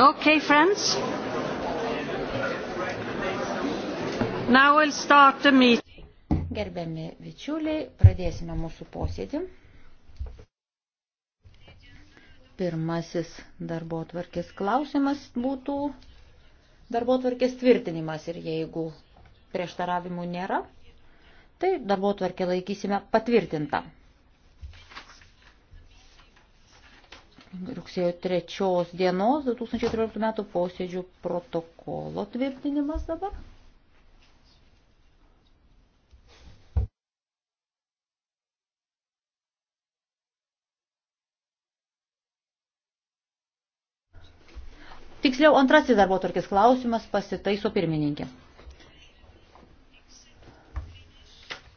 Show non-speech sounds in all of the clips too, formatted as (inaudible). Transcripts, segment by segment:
Okay, friends. Now we'll start the meeting. Gerbiami bičiuliai, pradėsime mūsų posėdį. Pirmasis darbo tvarkės klausimas būtų darbo tvarkės tvirtinimas ir jeigu prieštaravimų nėra, tai darbo tvarkę laikysime patvirtintą. rugsėjo 3 dienos 2014 metų posėdžių protokolo tvirtinimas dabar. Tiksliau, antrasis darbo tvarkės klausimas pasitaiso pirmininkė.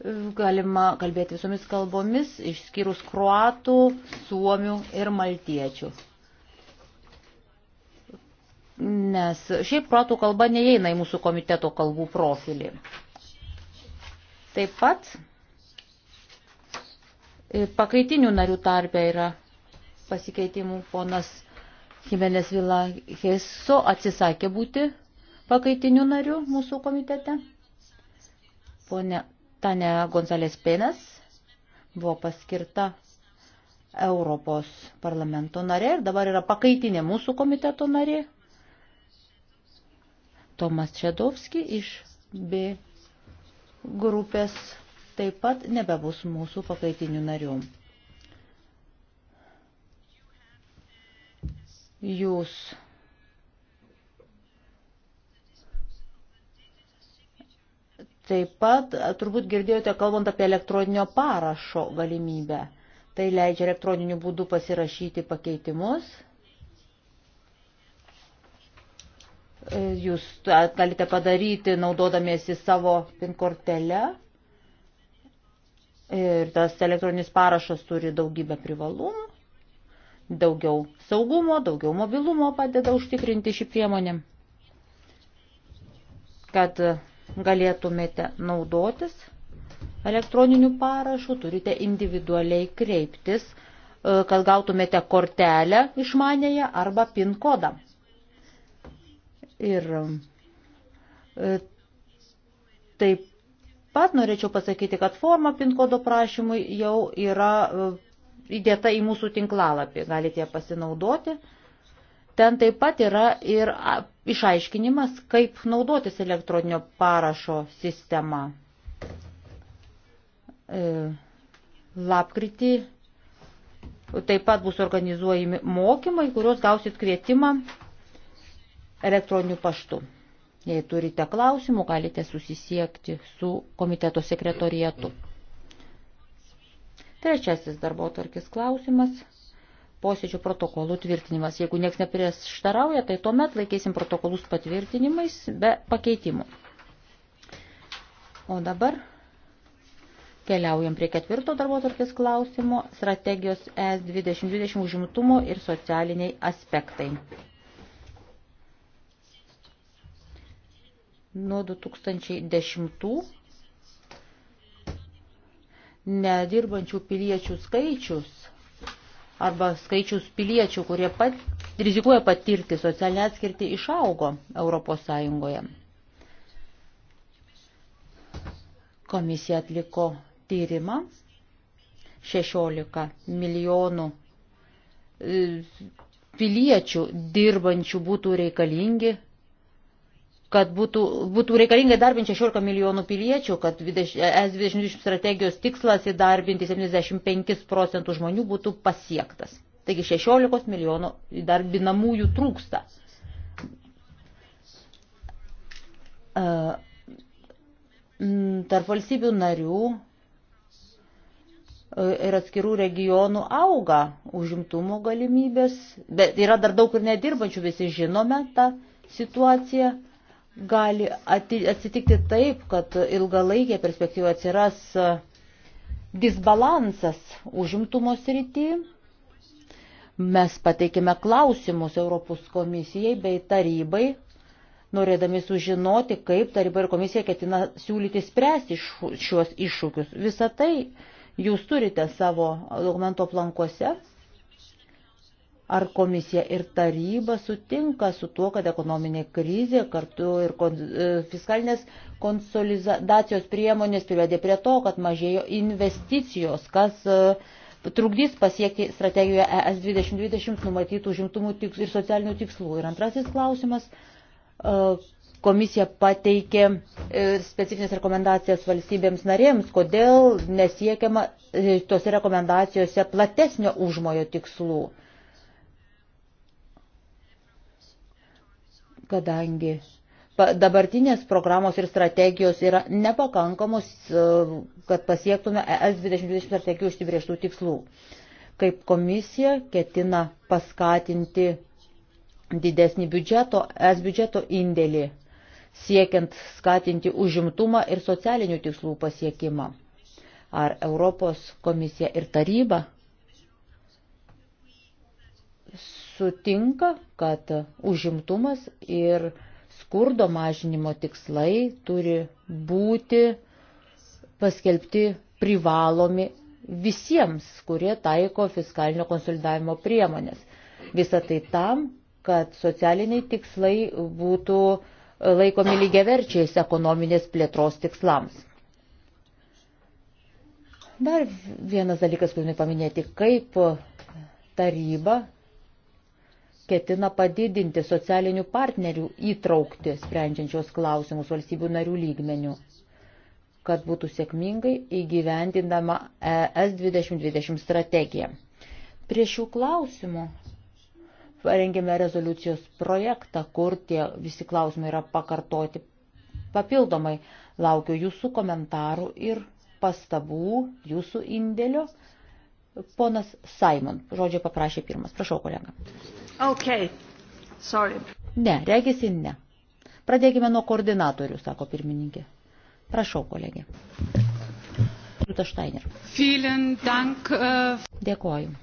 galima kalbėti visomis kalbomis, išskyrus kruatų, suomių ir maltiečių. Nes šiaip kruatų kalba neįeina į mūsų komiteto kalbų profilį. Taip pat e, pakaitinių narių tarpė yra pasikeitimų ponas Jimenez Vila Heso atsisakė būti pakaitiniu nariu mūsų komitete. Pone Tane Gonzalės Pinas buvo paskirta Europos parlamento narė ir dabar yra pakaitinė mūsų komiteto narė. Tomas Čedovski iš B grupės taip pat nebebus mūsų pakaitinių narių. Jūs Taip pat e, turbūt girdėjote, kalbant apie elektroninio parašo galimybę. Tai leidžia elektroniniu būdu pasirašyti pakeitimus. E, jūs galite padaryti naudodamiesi savo pin kortelę. Ir tas elektroninis parašas turi daugybę privalumų. Daugiau saugumo, daugiau mobilumo padeda užtikrinti šį priemonę. Kad e, galėtumėte naudotis elektroniniu parašu, turite individualiai kreiptis, e, kad gautumėte kortelę išmanėje arba PIN kodą. Ir e, taip pat norėčiau pasakyti, kad forma PIN kodo prašymui jau yra e, įdėta į mūsų tinklalapį, galite ją pasinaudoti. Ten taip pat yra ir išaiškinimas, kaip naudotis elektroninio parašo sistema. E, lapkritį taip pat bus organizuojami mokymai, kuriuos gausit kvietimą elektroniniu paštu. Jei turite klausimų, galite susisiekti su komiteto sekretorietu. Trečiasis darbo tarkis klausimas posėdžių protokolų tvirtinimas. Jeigu nieks neprieštarauja, tai tuomet laikysim protokolus patvirtinimais be pakeitimų. O dabar keliaujam prie ketvirto darbo tarkės klausimo – strategijos ES 2020 užimtumo ir socialiniai aspektai. Nuo 2010 nedirbančių piliečių skaičius arba skaičius piliečių, kurie pat, rizikuoja patirti socialinę atskirtį, išaugo Europos Sąjungoje. Komisija atliko tyrimą 16 milijonų e, piliečių dirbančių būtų reikalingi kad būtų, būtų reikalinga darbinti 16 milijonų piliečių, kad S2020 strategijos tikslas įdarbinti 75 procentų žmonių būtų pasiektas. Taigi 16 milijonų įdarbinamųjų trūksta. E, tarp valstybių narių e, ir atskirų regionų auga užimtumo galimybės, bet yra dar daug ir nedirbančių, visi žinome tą situaciją gali atsitikti taip, kad ilgalaikė perspektyva atsiras e, disbalansas užimtumo srity. Mes pateikėme klausimus Europos komisijai bei tarybai, norėdami sužinoti, kaip taryba ir komisija ketina siūlyti spręsti šiuos iššūkius. Visą tai jūs turite savo dokumento plankuose. Ar komisija ir taryba sutinka su tuo, kad ekonominė krizė kartu ir e, fiskalinės konsolidacijos priemonės privedė prie to, kad mažėjo investicijos, kas e, trukdys pasiekti strategijoje ES 2020 numatytų žimtumų ir socialinių tikslų. Ir antrasis klausimas. E, komisija pateikė specifinės rekomendacijas valstybėms narėms, kodėl nesiekiama tose rekomendacijose platesnio užmojo tikslų. kadangi dabartinės programos ir strategijos yra nepakankamos, e, kad pasiektume ES 2020 strategijų užsibrieštų tikslų. Kaip komisija ketina paskatinti didesnį biudžeto, ES biudžeto indėlį, siekiant skatinti užimtumą ir socialinių tikslų pasiekimą. Ar Europos komisija ir taryba sutinka, kad užimtumas ir skurdo mažinimo tikslai turi būti paskelbti privalomi visiems, kurie taiko fiskalinio konsolidavimo priemonės. Visą tai tam, kad socialiniai tikslai būtų laikomi lygiaverčiais ekonominės plėtros tikslams. Dar vienas dalykas, kurį paminėti, kaip taryba ketina padidinti socialinių partnerių įtraukti sprendžiančios klausimus valstybių narių lygmenių, kad būtų sėkmingai įgyvendinama ES 2020 strategija. Prie šių klausimų parengėme rezoliucijos projektą, kur tie visi klausimai yra pakartoti papildomai. Laukiu jūsų komentarų ir pastabų, jūsų indėlio. Ponas Simon, žodžio paprašė pirmas. Prašau, kolega. Okay. Sorry. Ne, reikėsi ne. Pradėkime nuo koordinatorių, sako pirmininkė. Prašau, kolegė. Rūta Štainer. Vielen Dank. Uh... Dėkoju.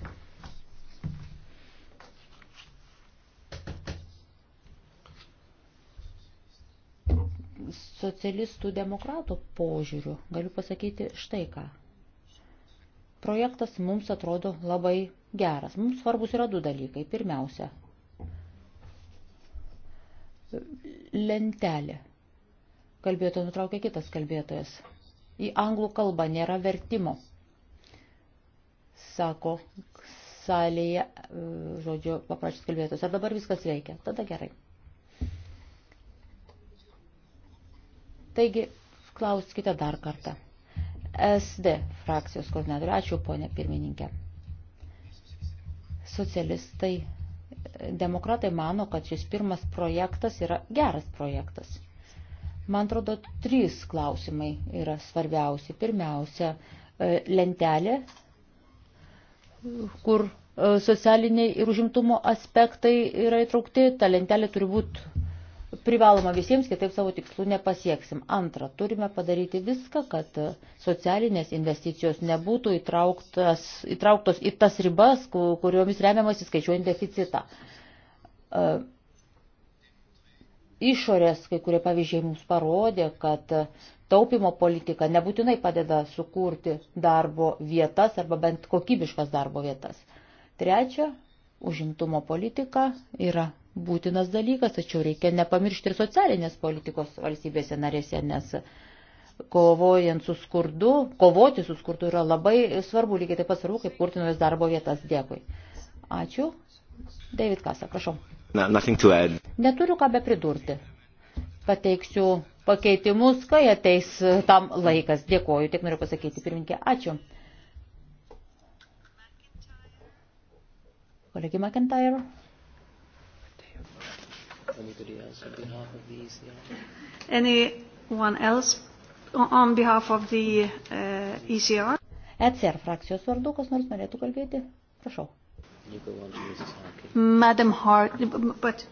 Socialistų demokratų požiūrių galiu pasakyti štai ką. Projektas mums atrodo labai geras. Mums svarbus yra du dalykai. Pirmiausia, lentelė. Kalbėtoja nutraukė kitas kalbėtojas. Į anglų kalbą nėra vertimo. Sako salėje, e, žodžio, paprašys kalbėtojas. Ar dabar viskas veikia? Tada gerai. Taigi, klauskite dar kartą. SD frakcijos koordinatorių. Ačiū, ponė pirmininkė. Socialistai, demokratai mano, kad šis pirmas projektas yra geras projektas. Man atrodo, trys klausimai yra svarbiausi. Pirmiausia, e, lentelė, kur e, socialiniai ir užimtumo aspektai yra įtraukti. Ta lentelė turi būti privaloma visiems, kitaip savo tikslų nepasieksim. Antra, turime padaryti viską, kad socialinės investicijos nebūtų įtrauktas, įtrauktos į tas ribas, kuriomis remiamas įskaičiuojant deficitą. E, išorės, kai kurie pavyzdžiai mums parodė, kad taupimo politika nebūtinai padeda sukurti darbo vietas arba bent kokybiškas darbo vietas. Trečia, užimtumo politika yra būtinas dalykas, tačiau reikia nepamiršti ir socialinės politikos valstybėse narėse, nes kovojant su skurdu, kovoti su skurdu yra labai svarbu, lygiai taip pat svarbu, kaip kurti naujas darbo vietas. Dėkui. Ačiū. David Kasa, prašau. Neturiu ką be pridurti. Pateiksiu pakeitimus, kai ateis tam laikas. Dėkoju, tik noriu pasakyti, pirminkė, ačiū. Kolegi McIntyre anybody else on behalf of the ECR? Anyone else on behalf of the uh, ECR? ECR frakcijos vardu, kas nors norėtų kalbėti? Prašau. Madam Harkin, but...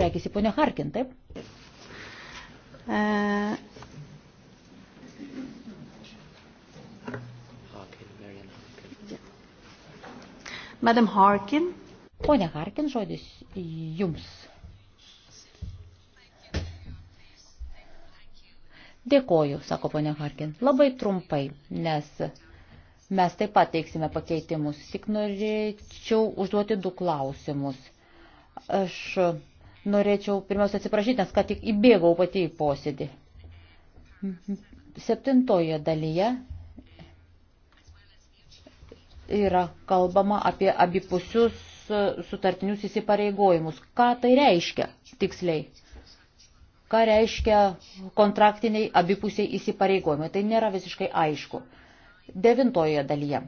Reikisi ponia Harkin, taip? Uh, Madam Harkin. Pone Harkin, žodis jums. Dėkoju, sako ponia Harkin. Labai trumpai, nes mes taip pat teiksime pakeitimus. Tik norėčiau užduoti du klausimus. Aš norėčiau pirmiausia atsiprašyti, nes ką tik įbėgau pati į posėdį. Septintoje dalyje yra kalbama apie abipusius sutartinius įsipareigojimus. Ką tai reiškia tiksliai? ką reiškia kontraktiniai abipusiai įsipareigojimai. Tai nėra visiškai aišku. Devintojoje dalyje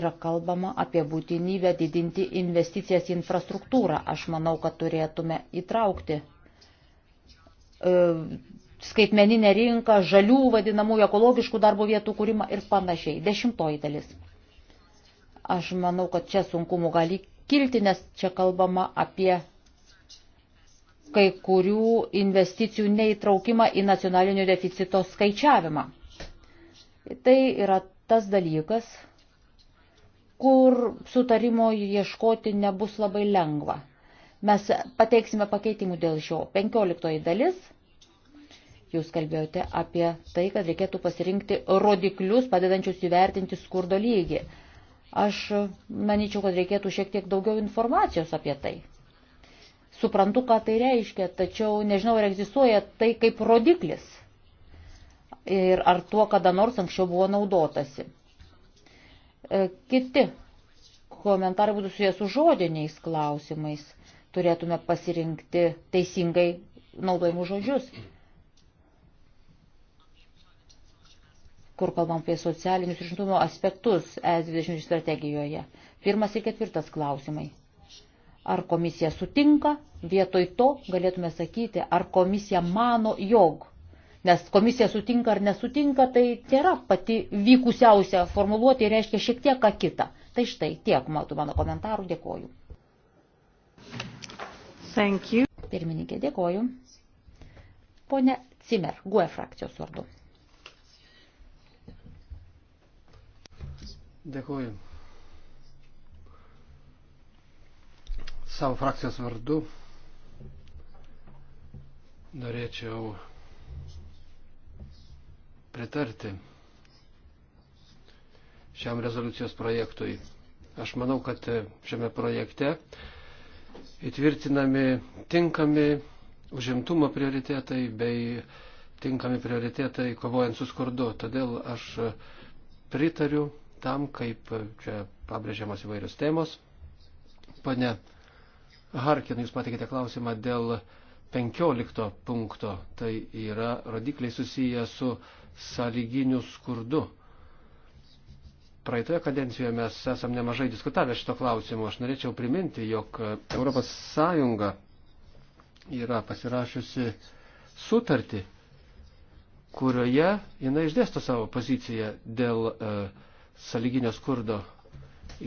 yra kalbama apie būtinybę didinti investicijas į infrastruktūrą. Aš manau, kad turėtume įtraukti e, skaitmeninę rinką, žalių vadinamųjų ekologiškų darbo vietų kūrimą ir panašiai. Dešimtoji dalis. Aš manau, kad čia sunkumų gali kilti, nes čia kalbama apie kai kurių investicijų neįtraukimą į nacionalinio deficito skaičiavimą. Tai yra tas dalykas, kur sutarimo ieškoti nebus labai lengva. Mes pateiksime pakeitimų dėl šio. 15 dalis. Jūs kalbėjote apie tai, kad reikėtų pasirinkti rodiklius, padedančius įvertinti skurdo lygį. Aš manyčiau, kad reikėtų šiek tiek daugiau informacijos apie tai. Suprantu, ką tai reiškia, tačiau nežinau, ar egzistuoja tai kaip rodiklis ir ar tuo kada nors anksčiau buvo naudotasi. E, kiti komentarai būtų susijęs su žodiniais klausimais. Turėtume pasirinkti teisingai naudojimus žodžius. kur kalbam apie socialinius išimtumo aspektus ES 20 strategijoje. Pirmas ir ketvirtas klausimai. Ar komisija sutinka, vietoj to galėtume sakyti, ar komisija mano jog. Nes komisija sutinka ar nesutinka, tai nėra pati vykusiausia formuluoti, reiškia šiek tiek ką kitą. Tai štai tiek, matau mano komentarų, dėkoju. Thank you. Pirmininkė, dėkoju. Pone Cimer, GUE frakcijos vardu. Dėkoju. savo frakcijos vardu norėčiau pritarti šiam rezoliucijos projektui. Aš manau, kad šiame projekte įtvirtinami tinkami užimtumo prioritetai bei tinkami prioritetai kovojant su skurdu. Todėl aš pritariu tam, kaip čia pabrėžiamos įvairios temos. Pane Harkinai, jūs patikite klausimą dėl 15 punkto. Tai yra rodikliai susiję su sąlyginiu skurdu. Praeitoje kadencijoje mes esam nemažai diskutavę šito klausimu. Aš norėčiau priminti, jog Europos Sąjunga yra pasirašiusi sutartį, kurioje jinai išdėsto savo poziciją dėl e, saliginio skurdo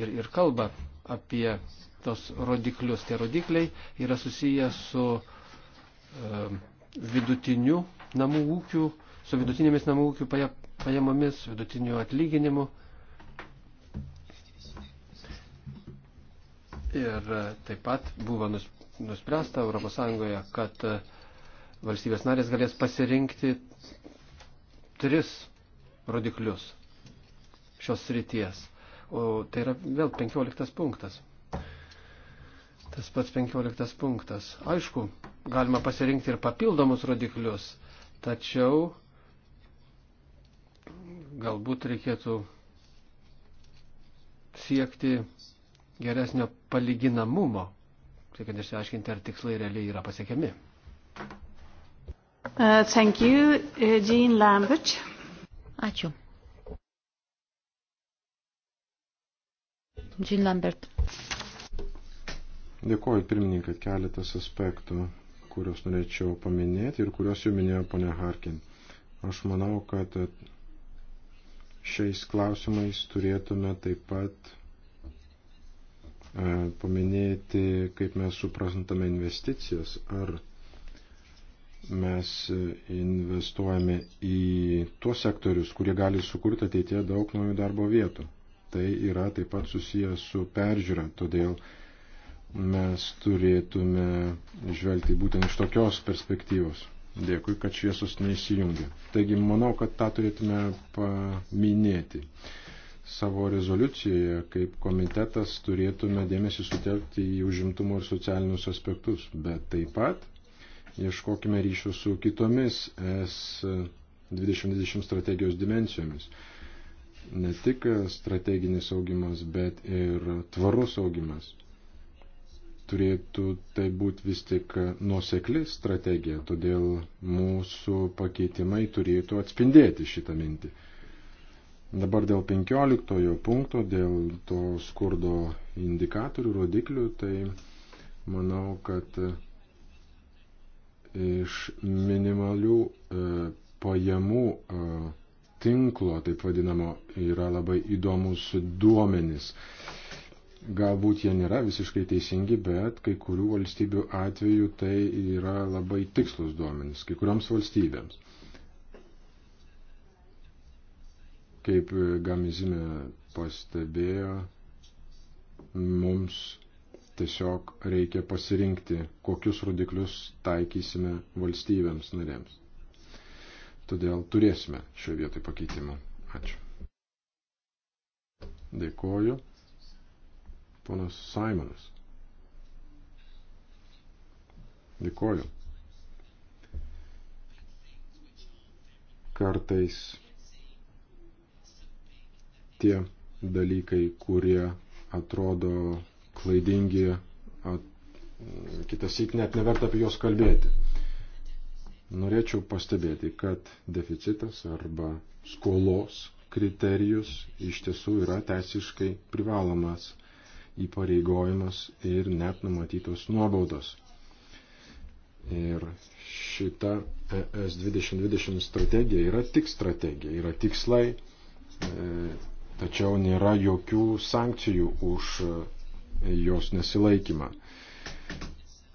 ir, ir kalba apie tos rodiklius. Tie rodikliai yra susiję su e, vidutiniu namų ūkių, su vidutinėmis namų ūkių pajamomis, vidutiniu atlyginimu. Ir e, taip pat buvo nuspręsta ES, kad e, valstybės narės galės pasirinkti tris rodiklius šios srities. O tai yra vėl 15 punktas. Tas pats 15 punktas. Aišku, galima pasirinkti ir papildomus rodiklius, tačiau galbūt reikėtų siekti geresnio palyginamumo, siekiant tai išsiaiškinti, ar tikslai realiai yra pasiekiami. Uh, thank you, uh, Jean Lambert. Ačiū. Jean Lambert. Dėkoju pirmininkai keletas aspektų, kuriuos norėčiau paminėti ir kuriuos jau minėjo ponia Harkin. Aš manau, kad šiais klausimais turėtume taip pat e, paminėti, kaip mes suprantame investicijas, ar mes investuojame į tuos sektorius, kurie gali sukurti ateitie daug naujų darbo vietų. Tai yra taip pat susijęs su peržiūra, todėl mes turėtume žvelgti būtent iš tokios perspektyvos. Dėkui, kad šviesos neįsijungia. Taigi, manau, kad tą turėtume paminėti. Savo rezoliucijoje, kaip komitetas, turėtume dėmesį sutelkti į užimtumo ir socialinius aspektus, bet taip pat ieškokime ryšių su kitomis S2020 strategijos dimencijomis. Ne tik strateginis augimas, bet ir tvarus augimas turėtų tai būti vis tik nuosekli strategija, todėl mūsų pakeitimai turėtų atspindėti šitą mintį. Dabar dėl 15 punkto, dėl to skurdo indikatorių, rodiklių, tai manau, kad iš minimalių e, pajamų e, tinklo, taip vadinamo, yra labai įdomus duomenis. E, Galbūt jie nėra visiškai teisingi, bet kai kurių valstybių atveju tai yra labai tikslus duomenys, kai kurioms valstybėms. Kaip e, Gamizime pastebėjo, mums tiesiog reikia pasirinkti, kokius rodiklius taikysime valstybėms narėms. Todėl turėsime šioje vietoje pakeitimą. Ačiū. Dėkoju. Ponas Simonas. Dėkoju. Kartais tie dalykai, kurie atrodo klaidingi, at, kitas įk net neverta apie juos kalbėti. Norėčiau pastebėti, kad deficitas arba skolos kriterijus iš tiesų yra teisiškai privalomas įpareigojimus ir net numatytos nuobaudos. Ir šita ES 2020 strategija yra tik strategija, yra tikslai, e, tačiau nėra jokių sankcijų už e, jos nesilaikymą.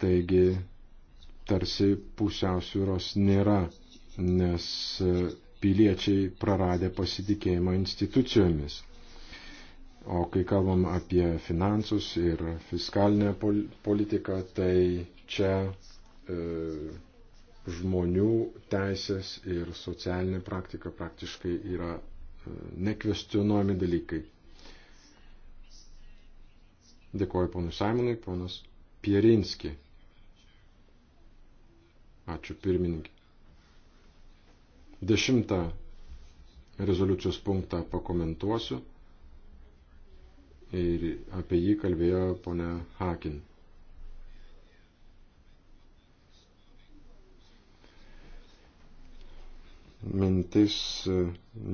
Taigi tarsi pusiausvyros nėra, nes e, piliečiai praradė pasitikėjimą institucijomis. O kai kalbam apie finansus ir fiskalinę politiką, tai čia e, žmonių teisės ir socialinė praktika praktiškai yra e, nekvestionuojami dalykai. Dėkuoju ponui Simonui, ponas Pierinski. Ačiū pirmininkė. Dešimtą rezoliucijos punktą pakomentuosiu ir apie jį kalbėjo ponia Hakin. Mintis e,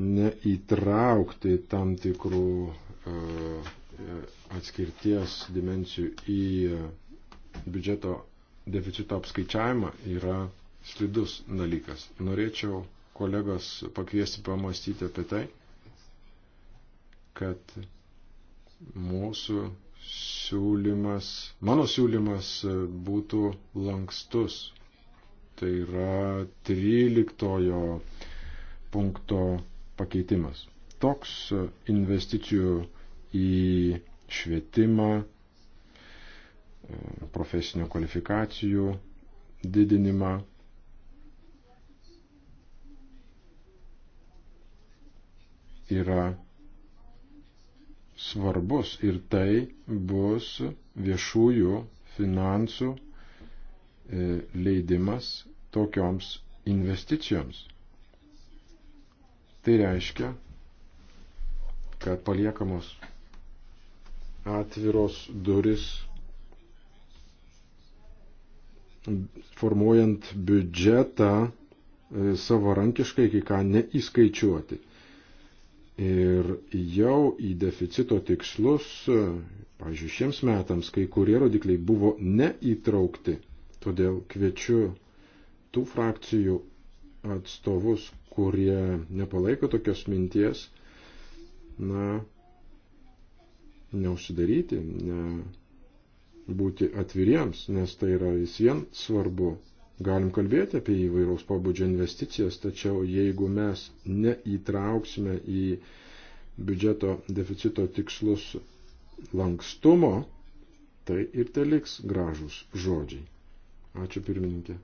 neįtraukti tam tikrų e, atskirties dimensijų į e, biudžeto deficito apskaičiavimą yra slidus dalykas. Norėčiau kolegos pakviesti pamastyti apie tai, kad Mūsų siūlymas, mano siūlymas būtų lankstus. Tai yra 13 punkto pakeitimas. Toks investicijų į švietimą, profesinių kvalifikacijų didinimą. Yra svarbus ir tai bus viešųjų finansų e, leidimas tokioms investicijoms. Tai reiškia, kad paliekamos atviros duris formuojant biudžetą e, savarankiškai, kai ką neįskaičiuoti. Ir jau į deficito tikslus, pažiūrėjau, šiems metams kai kurie rodikliai buvo neįtraukti. Todėl kviečiu tų frakcijų atstovus, kurie nepalaiko tokios minties, na, neužsidaryti, ne, būti atviriems, nes tai yra vis vien svarbu Galim kalbėti apie įvairaus pobūdžio investicijas, tačiau jeigu mes neįtrauksime į biudžeto deficito tikslus lankstumo, tai ir te liks gražus žodžiai. Ačiū pirmininkė.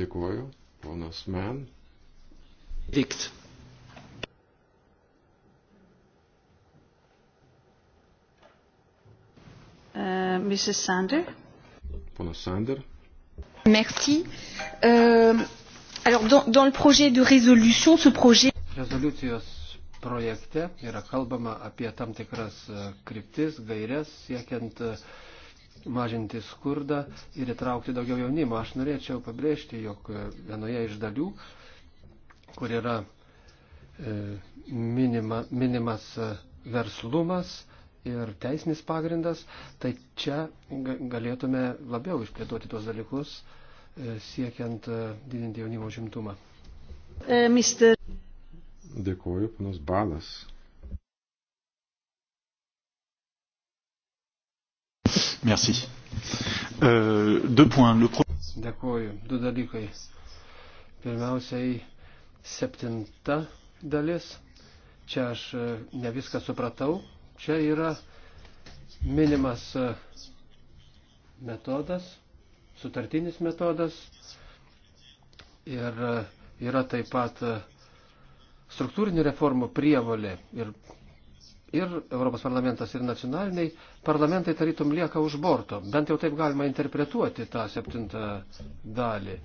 Dėkuoju, ponas Men. Vykt. Uh, Mrs. Sander. Ponas Sander. Merci. Uh, alors, dans, dans le projet de résolution, ce projet. Rezoliucijos projekte yra kalbama apie tam tikras e, kryptis, gairias, siekiant e, mažinti skurdą ir įtraukti daugiau jaunimo. Aš norėčiau pabrėžti, jog e, vienoje iš dalių, kur yra minima, minimas verslumas, ir teisinis pagrindas, tai čia galėtume labiau išplėtoti tuos dalykus, e, siekiant e, didinti jaunimo žimtumą. E, mister... Dėkuoju, panas Balas. Merci. Euh, deux points. Le pro... Dėkuoju. Du dalykai. Pirmiausiai septinta dalis. Čia aš e, ne viską supratau, Čia yra minimas e, metodas, sutartinis metodas ir e, yra taip pat e, struktūrinių reformų prievolė ir, ir Europos parlamentas ir nacionaliniai parlamentai tarytum lieka už borto. Bent jau taip galima interpretuoti tą septintą dalį.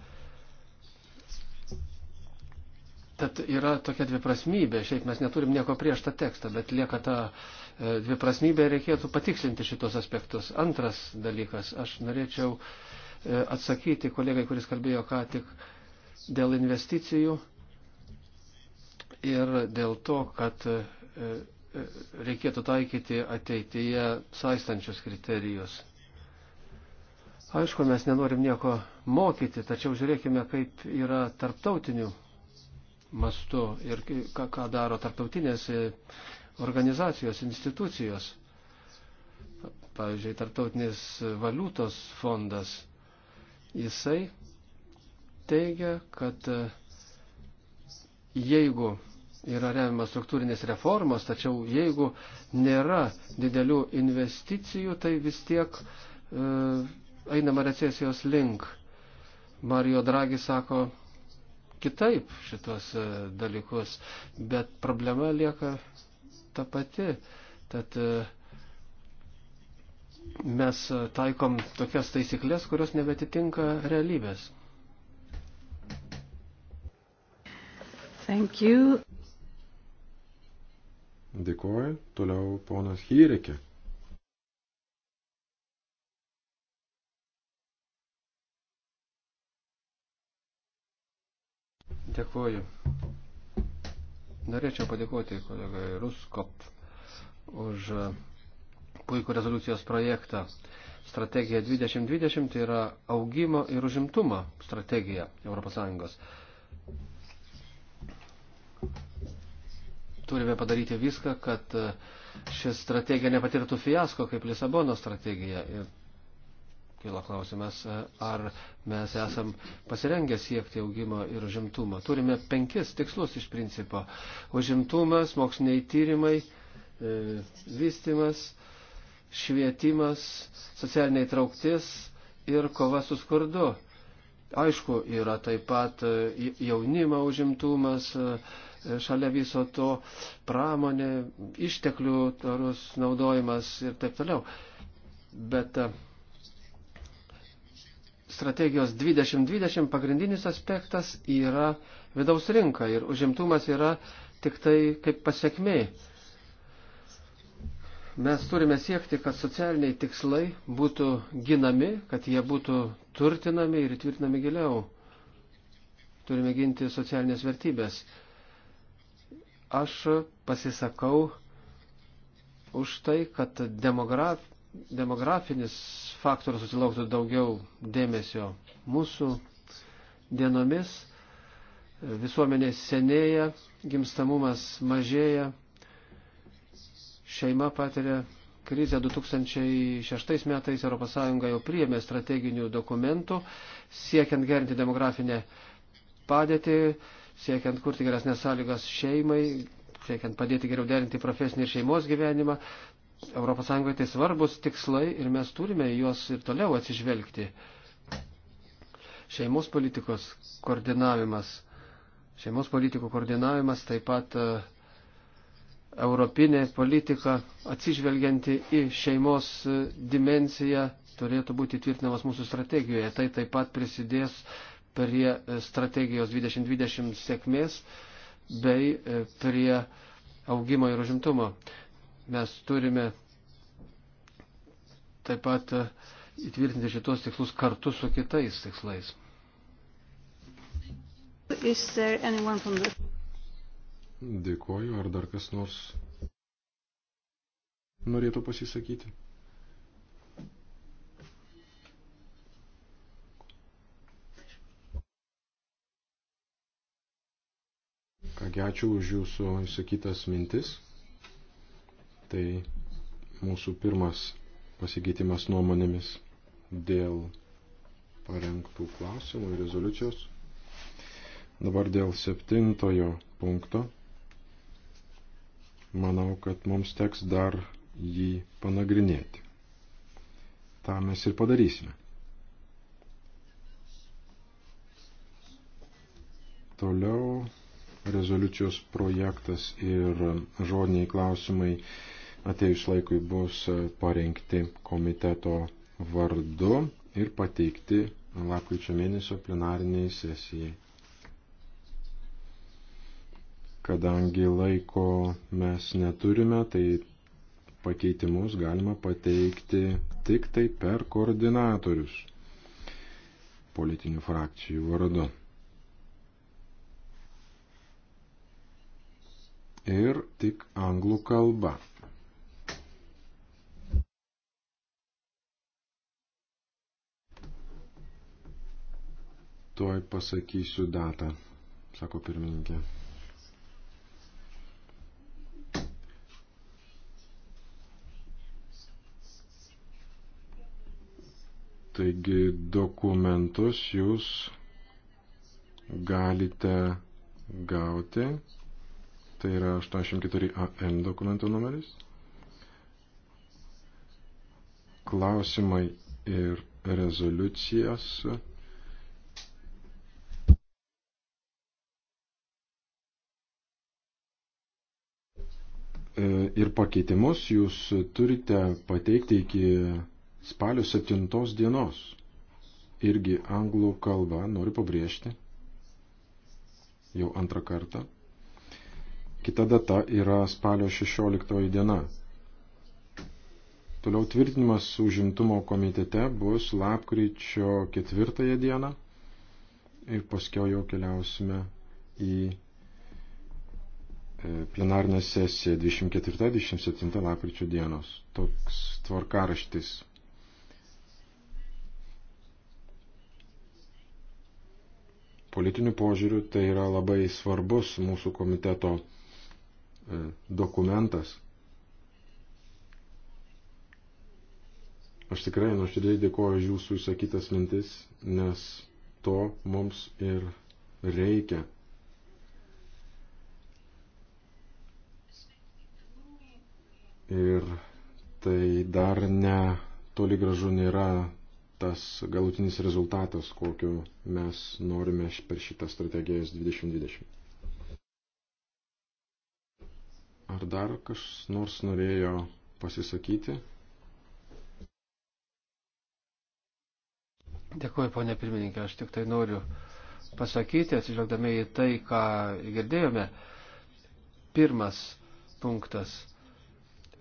Tad yra tokia dviprasmybė, šiaip mes neturim nieko prieš tą tekstą, bet lieka ta e, dviprasmybė, reikėtų patikslinti šitos aspektus. Antras dalykas, aš norėčiau e, atsakyti kolegai, kuris kalbėjo ką tik dėl investicijų ir dėl to, kad e, reikėtų taikyti ateityje saistančius kriterijus. Aišku, mes nenorim nieko mokyti, tačiau žiūrėkime, kaip yra tarptautinių mastu ir ką, ką daro tarptautinės e, organizacijos, institucijos. Pavyzdžiui, tarptautinės valiutos fondas. Jisai teigia, kad e, jeigu yra remiamas struktūrinės reformos, tačiau jeigu nėra didelių investicijų, tai vis tiek e, einama recesijos link. Mario Draghi sako, kitaip šitos e, dalykus, bet problema lieka ta pati. Tad e, mes taikom tokias taisyklės, kurios nebetitinka realybės. Thank you. Dėkuoju. Toliau ponas Hyrekė. Dėkuoju. Norėčiau padėkoti kolegai Ruskop už puikų rezoliucijos projektą. Strategija 2020 tai yra augimo ir užimtumo strategija ES. Turime padaryti viską, kad ši strategija nepatirtų fiasko kaip Lisabono strategija. Ir kila klausimas, e, ar mes esam pasirengę siekti augimo ir užimtumą. Turime penkis tikslus iš principo. Užimtumas, moksliniai tyrimai, e, vystimas, švietimas, socialiniai trauktis ir kova su skurdu. Aišku, yra taip pat e, jaunimo užimtumas, šalia viso to pramonė, išteklių tarus naudojimas ir taip toliau. Bet uh, strategijos 2020 pagrindinis aspektas yra vidaus rinka ir užimtumas yra tik tai kaip pasiekmė. Mes turime siekti, kad socialiniai tikslai būtų ginami, kad jie būtų turtinami ir tvirtinami giliau. Turime ginti socialinės vertybės. Aš pasisakau už tai, kad demograf, demografinis faktorius susilauktų daugiau dėmesio. Mūsų dienomis visuomenė senėja, gimstamumas mažėja, šeima patiria krizę 2006 metais ES jau priėmė strateginių dokumentų, siekiant gerinti demografinę padėtį, siekiant kurti geresnės sąlygas šeimai, siekiant padėti geriau derinti profesinį ir šeimos gyvenimą. ES tai svarbus tikslai ir mes turime juos ir toliau atsižvelgti. Šeimos politikos koordinavimas, šeimos politikų koordinavimas taip pat e, europinė politika atsižvelgianti į šeimos e, dimenciją turėtų būti tvirtinamas mūsų strategijoje. Tai taip pat prisidės prie e, strategijos 2020 sėkmės bei prie augimo ir užimtumo. Mes turime taip pat įtvirtinti šitos tikslus kartu su kitais tikslais. Dėkoju, ar dar kas nors norėtų pasisakyti? Kągi ačiū už jūsų išsakytas mintis. Tai mūsų pirmas pasikeitimas nuomonėmis dėl parengtų klausimų ir rezoliucijos. Dabar dėl septintojo punkto. Manau, kad mums teks dar jį panagrinėti. Ta mes ir padarysime. Toliau rezoliucijos projektas ir žodiniai klausimai atėjus laikui bus parengti komiteto vardu ir pateikti lapkričio mėnesio plenariniai sesijai. Kadangi laiko mes neturime, tai pakeitimus galima pateikti tik tai per koordinatorius politinių frakcijų vardu. ir tik anglų kalba. Tuoj pasakysiu datą, sako pirmininkė. Taigi dokumentus jūs galite gauti. Tai yra 84 AN dokumento numeris. Klausimai ir rezoliucijas E, ir pakeitimus jūs turite pateikti iki spalio 7 dienos. Irgi anglų kalba, noriu pabrėžti, jau antrą kartą. Kita data yra spalio 16 diena. Toliau tvirtinimas užimtumo komitete bus lapkričio 4 dieną ir paskiau jau keliausime į plenarnę sesiją 24-27 lapkričio dienos. Toks tvarkaraštis. Politinių požiūrių tai yra labai svarbus mūsų komiteto e, dokumentas. Aš tikrai nuoširdžiai dėkoju už jūsų išsakytas mintis, nes to mums ir reikia. Ir tai dar ne toli gražu nėra tas galutinis rezultatas, kokio mes norime per šitą strategiją 2020. Ar dar kas nors norėjo pasisakyti? Dėkuoju, ponė pirmininkė, aš tik tai noriu pasakyti, atsižvelgdami į tai, ką girdėjome. Pirmas punktas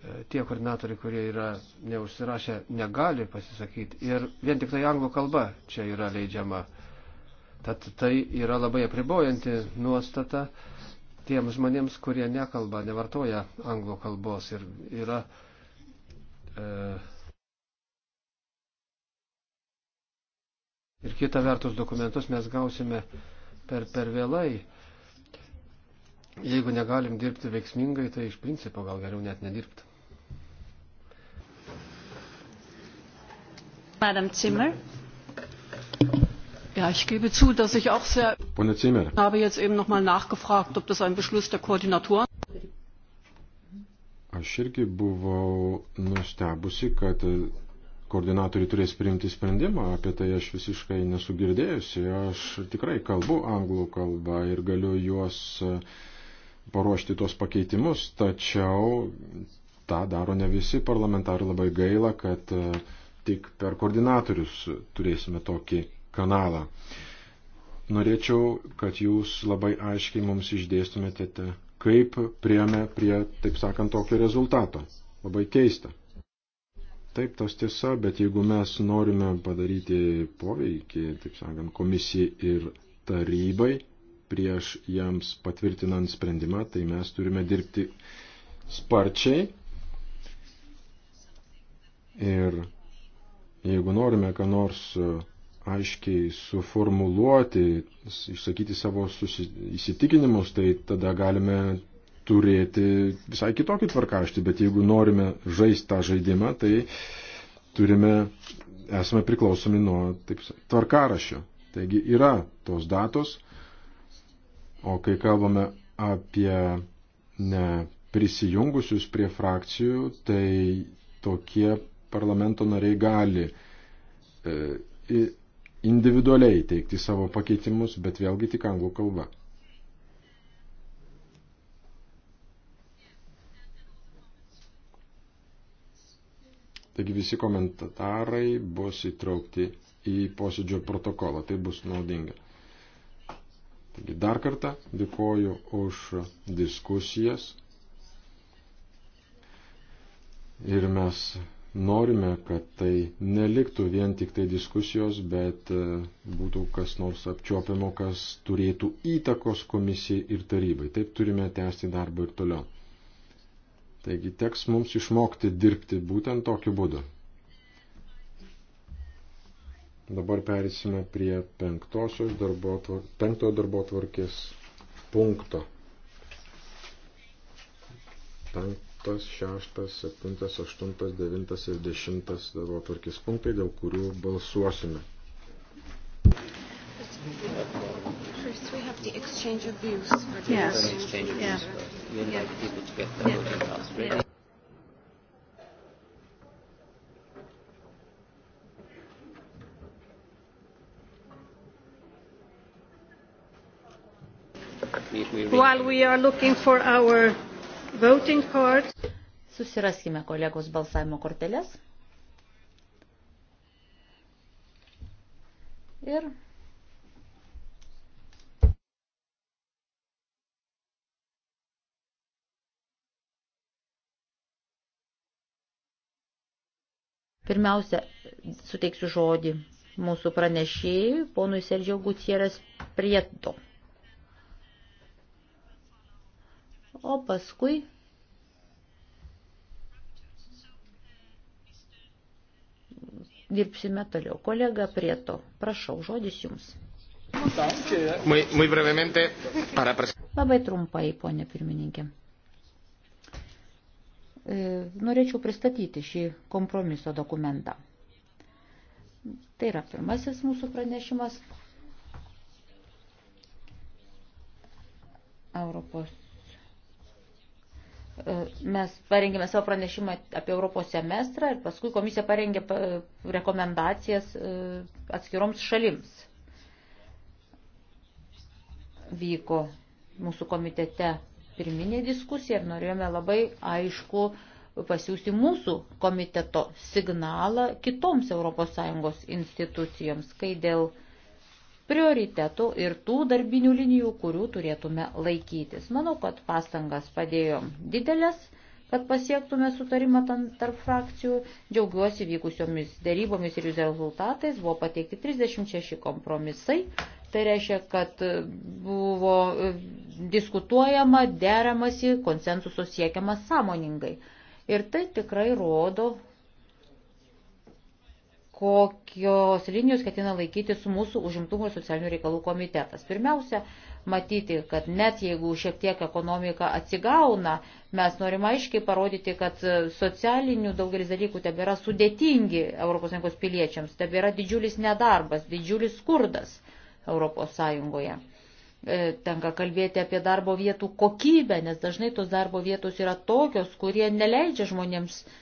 E, tie koordinatoriai, kurie yra neužsirašę, negali pasisakyti. Ir vien tik tai anglų kalba čia yra leidžiama. Tad tai yra labai apribojanti nuostata tiems žmonėms, kurie nekalba, nevartoja anglų kalbos. Ir yra, e, ir kita vertus dokumentus mes gausime per, per vėlai. Jeigu negalim dirbti veiksmingai, tai iš principo gal geriau net nedirbti. Madam Zimmer. Ja, ich gebe zu, dass ich auch sehr habe jetzt eben nochmal nachgefragt, ob das ein Beschluss der Koordinatoren. Aš irgi buvau nustebusi, kad koordinatoriai turės priimti sprendimą, apie tai aš visiškai nesugirdėjusi. Aš tikrai kalbu anglų kalbą ir galiu juos e, paruošti tuos pakeitimus, tačiau tą daro ne visi parlamentarai labai gaila, kad uh, Tik per koordinatorius turėsime tokį kanalą. Norėčiau, kad jūs labai aiškiai mums išdėstumėte, kaip prieme prie, taip sakant, tokio rezultato. Labai keista. Taip, tas tiesa, bet jeigu mes norime padaryti poveikį, taip sakant, komisijai ir tarybai prieš jiems patvirtinant sprendimą, tai mes turime dirbti sparčiai ir Jeigu norime, ką nors e, aiškiai suformuluoti, išsakyti savo įsitikinimus, tai tada galime turėti visai kitokį tvarkaraštį, bet jeigu norime žaisti tą žaidimą, tai turime, esame priklausomi nuo taip, tvarkaraščio. Taigi yra tos datos, o kai kalbame apie neprisijungusius prie frakcijų, tai tokie parlamento nariai gali e, individualiai teikti savo pakeitimus, bet vėlgi tik anglų kalba. Taigi visi komentarai bus įtraukti į posėdžio protokolą, tai bus naudinga. Taigi dar kartą dėkoju už diskusijas ir mes norime, kad tai neliktų vien tik tai diskusijos, bet e, būtų kas nors apčiopiamo, kas turėtų įtakos komisijai ir tarybai. Taip turime tęsti darbą ir toliau. Taigi teks mums išmokti dirbti būtent tokiu būdu. Dabar perėsime prie penktosios darbo, penktojo darbo tvarkės punkto. Penk, 6, 7, 8, 9 ir 10 darbo tvarkės punktai, dėl kurių balsuosime. First we have the exchange of views. Yes. Exchange of views. Yeah. We invite yeah. people to get their yeah. voting cards ready. Yeah. While we are looking for our voting card. Susiraskime kolegos balsavimo korteles. Ir Pirmiausia, suteiksiu žodį mūsų pranešėjui, ponui Sergio Gutieras Prieto. O paskui dirbsime toliau. Kolega Prieto, prašau, žodis jums. Muy, muy brevemente, para Labai trumpai, ponė pirmininkė. E, norėčiau pristatyti šį kompromiso dokumentą. Tai yra pirmasis mūsų pranešimas. Europos E, mes parengėme savo pranešimą apie Europos semestrą ir paskui komisija parengė rekomendacijas e, atskiroms šalims. Vyko mūsų komitete pirminė diskusija ir norėjome labai aišku pasiūsti mūsų komiteto signalą kitoms ES institucijoms, kai dėl prioritetų ir tų darbinių linijų, kurių turėtume laikytis. Manau, kad pastangas padėjo didelės, kad pasiektume sutarimą tarp frakcijų. Džiaugiuosi vykusiomis dėrybomis ir jų rezultatais. Buvo pateikti 36 kompromisai. Tai reiškia, kad buvo e, diskutuojama, deramasi, konsensuso siekiama sąmoningai. Ir tai tikrai rodo kokios linijos ketina laikyti su mūsų užimtumo ir socialinių reikalų komitetas. Pirmiausia, matyti, kad net jeigu šiek tiek ekonomika atsigauna, mes norime aiškiai parodyti, kad socialinių daugelis dalykų tebėra sudėtingi ES piliečiams, tebėra didžiulis nedarbas, didžiulis skurdas ES. E, tenka kalbėti apie darbo vietų kokybę, nes dažnai tos darbo vietos yra tokios, kurie neleidžia žmonėms uh,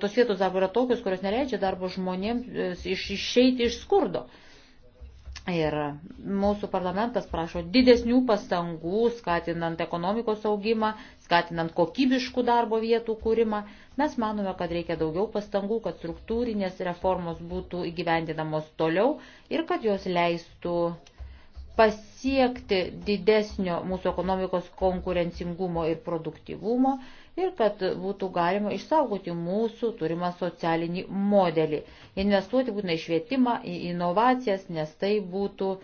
tos vietos darbo yra tokios, kurios neleidžia darbo žmonėms e, iš, išeiti iš skurdo. Ir mūsų parlamentas prašo didesnių pastangų, skatinant ekonomikos augimą, skatinant kokybiškų darbo vietų kūrimą. Mes manome, kad reikia daugiau pastangų, kad struktūrinės reformos būtų įgyvendinamos toliau ir kad jos leistų pasiekti didesnio mūsų ekonomikos konkurencingumo ir produktyvumo ir kad būtų galima išsaugoti mūsų turimą socialinį modelį. Investuoti būtinai švietimą, į inovacijas, nes tai būtų e,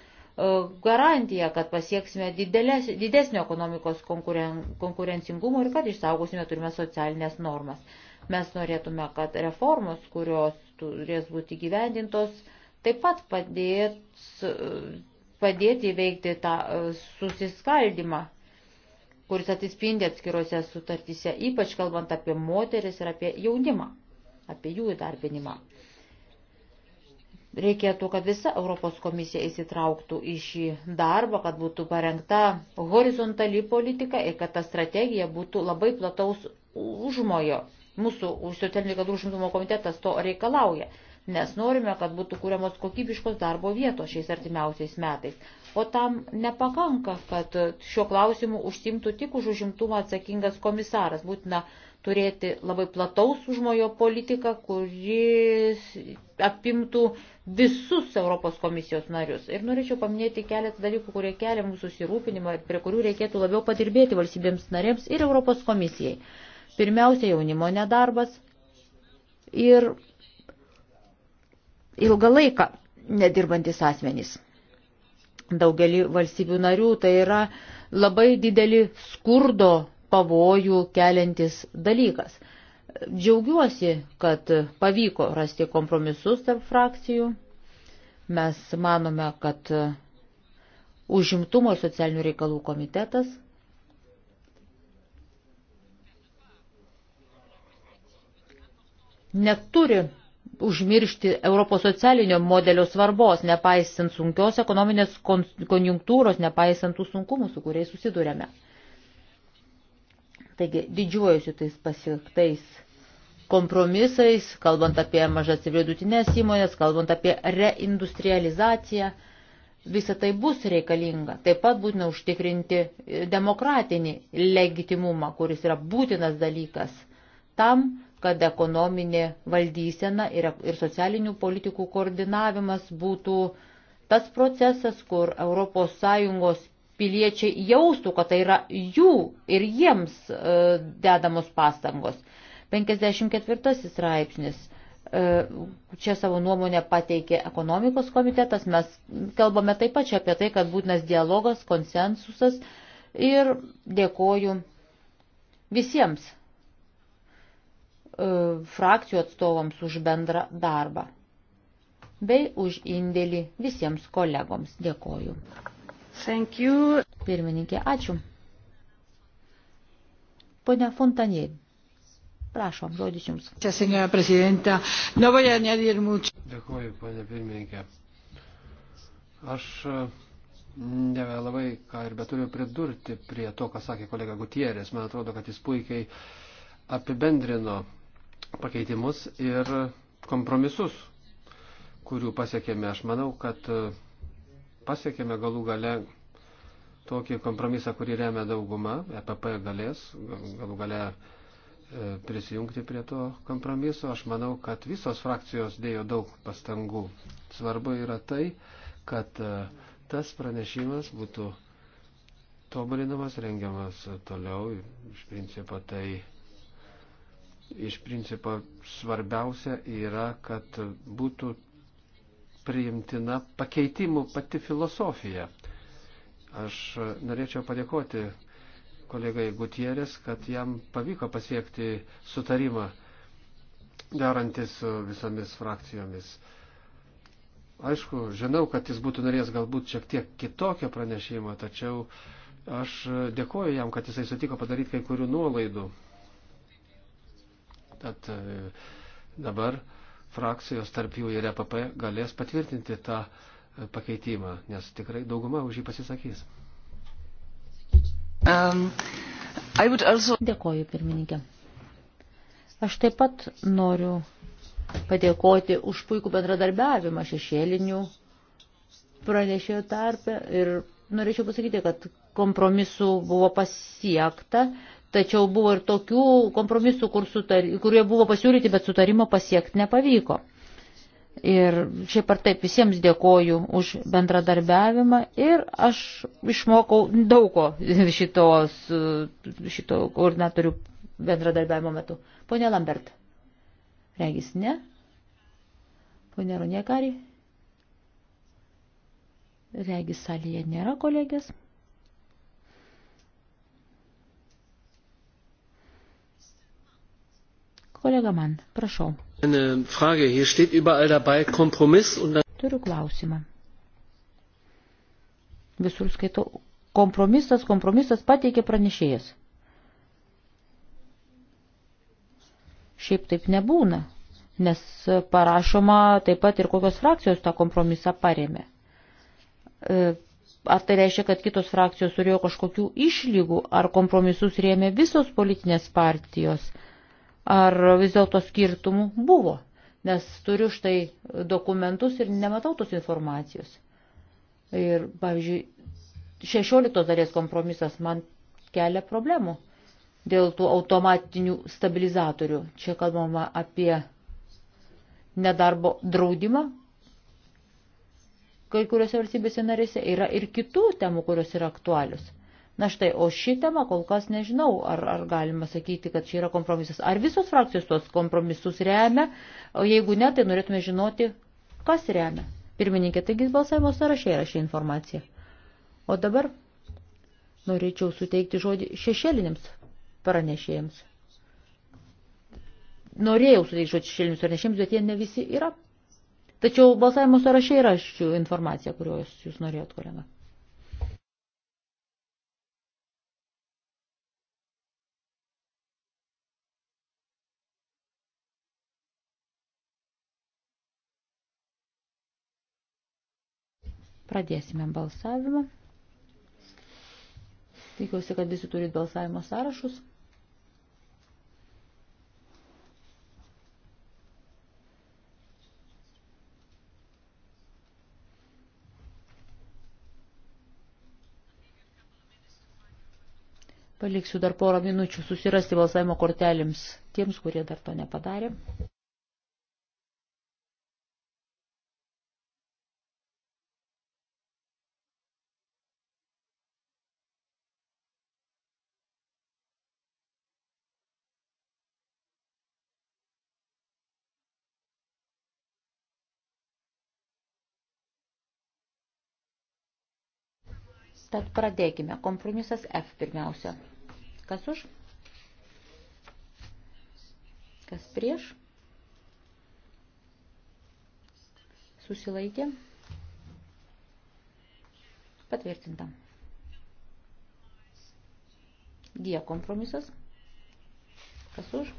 garantija, kad pasieksime didelės, didesnio ekonomikos konkuren, konkurencingumo ir kad išsaugosime turime socialinės normas. Mes norėtume, kad reformos, kurios turės būti gyvendintos, taip pat padės, e, padėti įveikti tą e, susiskaldimą kuris atsispindi atskiruose sutartyse, ypač kalbant apie moteris ir apie jaunimą, apie jų įdarbinimą. Reikėtų, kad visa Europos komisija įsitrauktų į šį darbą, kad būtų parengta horizontali politika ir kad ta strategija būtų labai plataus užmojo. Mūsų užsienio reikalų užimtumo komitetas to reikalauja, nes norime, kad būtų kūriamos kokybiškos darbo vietos šiais artimiausiais metais. O tam nepakanka, kad šiuo klausimu užsimtų tik už užimtumą atsakingas komisaras. Būtina turėti labai plataus užmojo politiką, kuri apimtų visus Europos komisijos narius. Ir norėčiau paminėti keletą dalykų, kurie kelia mūsų susirūpinimą ir prie kurių reikėtų labiau padirbėti valstybėms narėms ir Europos komisijai. Pirmiausia, jaunimo nedarbas ir ilgą laiką nedirbantis asmenys daugelį valstybių narių. Tai yra labai didelį skurdo pavojų keliantis dalykas. Džiaugiuosi, kad pavyko rasti kompromisus tarp frakcijų. Mes manome, kad užimtumo ir socialinių reikalų komitetas neturi užmiršti Europos socialinio modelio svarbos, nepaisant sunkios ekonominės konjunktūros, nepaisant tų sunkumų, su kuriais susidurėme. Taigi didžiuojusiu tais pasiektais kompromisais, kalbant apie mažas ir vidutinės įmonės, kalbant apie reindustrializaciją, visa tai bus reikalinga. Taip pat būtina užtikrinti demokratinį legitimumą, kuris yra būtinas dalykas tam, kad ekonominė valdysena ir, ir socialinių politikų koordinavimas būtų tas procesas, kur ES piliečiai jaustų, kad tai yra jų ir jiems e, dedamos pastangos. 54 straipsnis. E, čia savo nuomonę pateikė ekonomikos komitetas. Mes kalbame taip pat čia apie tai, kad būtinas dialogas, konsensusas ir dėkoju visiems E, frakcijų atstovams už bendrą darbą bei už indėlį visiems kolegoms. Dėkoju. Thank you. Pirmininkė, ačiū. Pone Fontanier, prašom, žodis jums. Dėkoju, pane pirmininkė. Aš e, nelabai ką ir beturiu pridurti prie to, ką sakė kolega Gutierės. Man atrodo, kad jis puikiai apibendrino pakeitimus ir kompromisus, kurių pasiekėme. Aš manau, kad e, pasiekėme galų gale tokį kompromisą, kurį remia dauguma, EPP galės galų gale e, prisijungti prie to kompromiso. Aš manau, kad visos frakcijos dėjo daug pastangų. Svarbu yra tai, kad e, tas pranešimas būtų tobulinamas, rengiamas toliau. Iš principo tai Iš principo svarbiausia yra, kad būtų priimtina pakeitimų pati filosofija. Aš norėčiau padėkoti kolegai Gutierės, kad jam pavyko pasiekti sutarimą derantis su visomis frakcijomis. Aišku, žinau, kad jis būtų norėjęs galbūt šiek tiek kitokio pranešimo, tačiau aš dėkoju jam, kad jisai sutiko padaryti kai kurių nuolaidų. Tad e, dabar frakcijos tarp jų ir EPP galės patvirtinti tą e, pakeitimą, nes tikrai dauguma už jį pasisakys. Um, also... Dėkoju, pirmininkė. Aš taip pat noriu padėkoti už puikų bendradarbiavimą šešėlinių pranešėjų tarpę ir norėčiau pasakyti, kad kompromisų buvo pasiekta, Tačiau buvo ir tokių kompromisų, kur sutar, kurie buvo pasiūlyti, bet sutarimo pasiekti nepavyko. Ir šiaip ar taip visiems dėkoju už bendradarbiavimą ir aš išmokau daug ko (laughs) šitos, šito koordinatorių bendradarbiavimo metu. Pone Lambert, regis ne? Pone Roniekari, regis salėje nėra kolegės. Kolega man, prašau. Turiu klausimą. Visur skaitau. Kompromisas, kompromisas pateikė pranešėjas. Šiaip taip nebūna, nes parašoma taip pat ir kokios frakcijos tą kompromisą paremė. E, ar tai reiškia, kad kitos frakcijos turėjo kažkokių išlygų, ar kompromisus rėmė visos politinės partijos? ar vis dėlto skirtumų buvo, nes turiu štai dokumentus ir nematau tos informacijos. Ir, pavyzdžiui, 16 dalies kompromisas man kelia problemų dėl tų automatinių stabilizatorių. Čia kalbama apie nedarbo draudimą. Kai kuriuose valstybėse narėse yra ir kitų temų, kurios yra aktualius. Na štai, o šį temą kol kas nežinau, ar, ar galima sakyti, kad čia yra kompromisas. Ar visos frakcijos tuos kompromisus remia, o jeigu ne, tai norėtume žinoti, kas remia. Pirmininkė, taigi balsavimo sąraše yra ši informacija. O dabar norėčiau suteikti žodį šešėlinėms pranešėjams. Norėjau suteikti žodį šešėlinėms pranešėjams, bet jie ne visi yra. Tačiau balsavimo sąraše yra ši informacija, kurios jūs norėjot, kolega. Pradėsime balsavimą. Tikiuosi, kad visi turit balsavimo sąrašus. Paliksiu dar porą minučių susirasti balsavimo kortelėms tiems, kurie dar to nepadarė. Tad pradėkime. Kompromisas F pirmiausia. Kas už? Kas prieš? Susilaikė. Patvirtinta. G kompromisas. Kas už?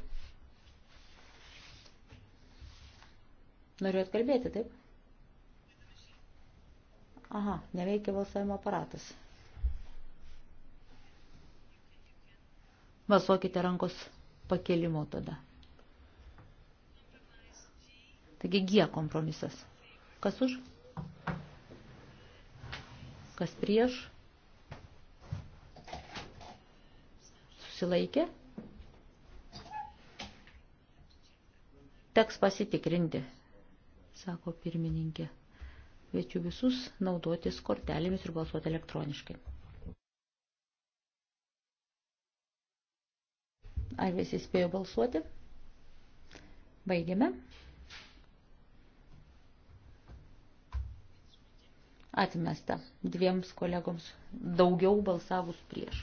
Norėjot kalbėti, taip? Aha, neveikia balsavimo aparatas. Balsuokite rankos pakelimu tada. Taigi G kompromisas. Kas už? Kas prieš? Susilaikė? Teks pasitikrinti, sako pirmininkė. Kviečiu visus naudotis kortelėmis ir balsuoti elektroniškai. Ar visi spėjo balsuoti? Baigiame. Atmesta dviems kolegoms daugiau balsavus prieš.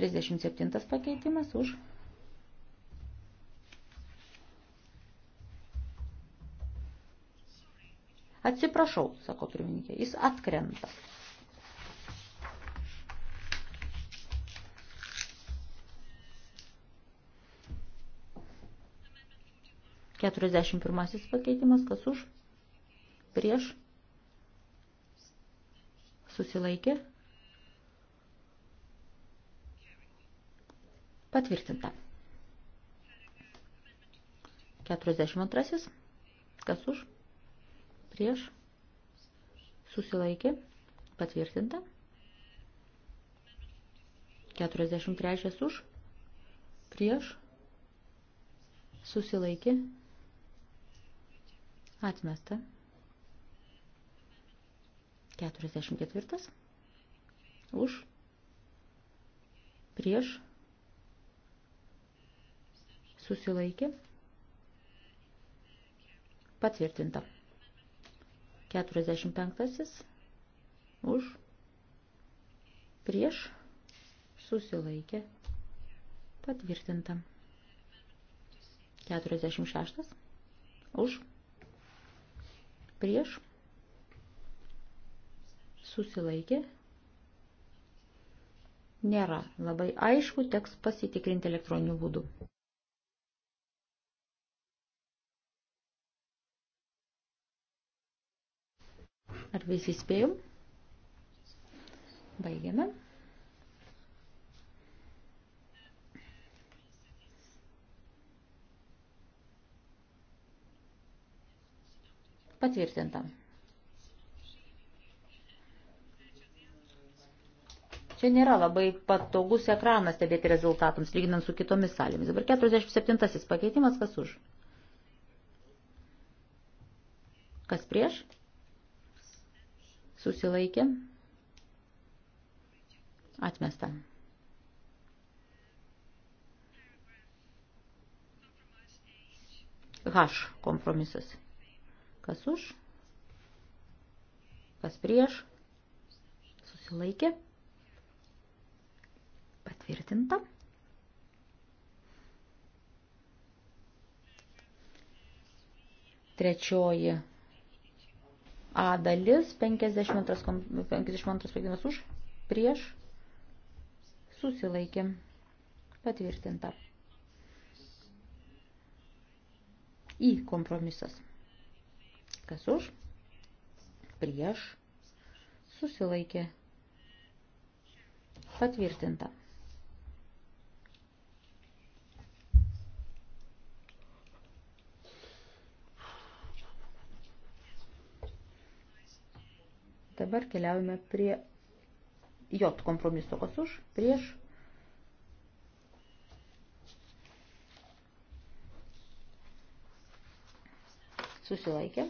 Trisdešimt septintas pakeitimas už. Atsiprašau, sako pirmininkė, jis atkrenta. Keturiasdešimt pirmasis pakeitimas, kas už, prieš, susilaikė, patvirtinta. 42. Kas už? prieš, susilaikė, patvirtinta. 43 už, prieš, susilaikė, atmesta. 44 už, prieš, susilaikė, patvirtinta. 45 už prieš susilaikė patvirtinta. 46 už prieš susilaikė nėra labai aišku, teks pasitikrinti elektroniniu būdu. Ar visi spėjom? Baigiame. Patvirtinta. Čia nėra labai patogus ekranas stebėti rezultatams, lyginant su kitomis salėmis. Dabar 47 pakeitimas, kas už? Kas prieš? Kas prieš? susilaikė, atmesta. H kompromisas. Kas už, kas prieš, susilaikė, patvirtinta. Trečioji A dalis 52, 52 sprendimas už, prieš, susilaikė, patvirtinta. Į kompromisas. Kas už, prieš, susilaikė, patvirtinta. Dabar keliaujame prie J kompromiso, kas už, prieš. Susilaikė.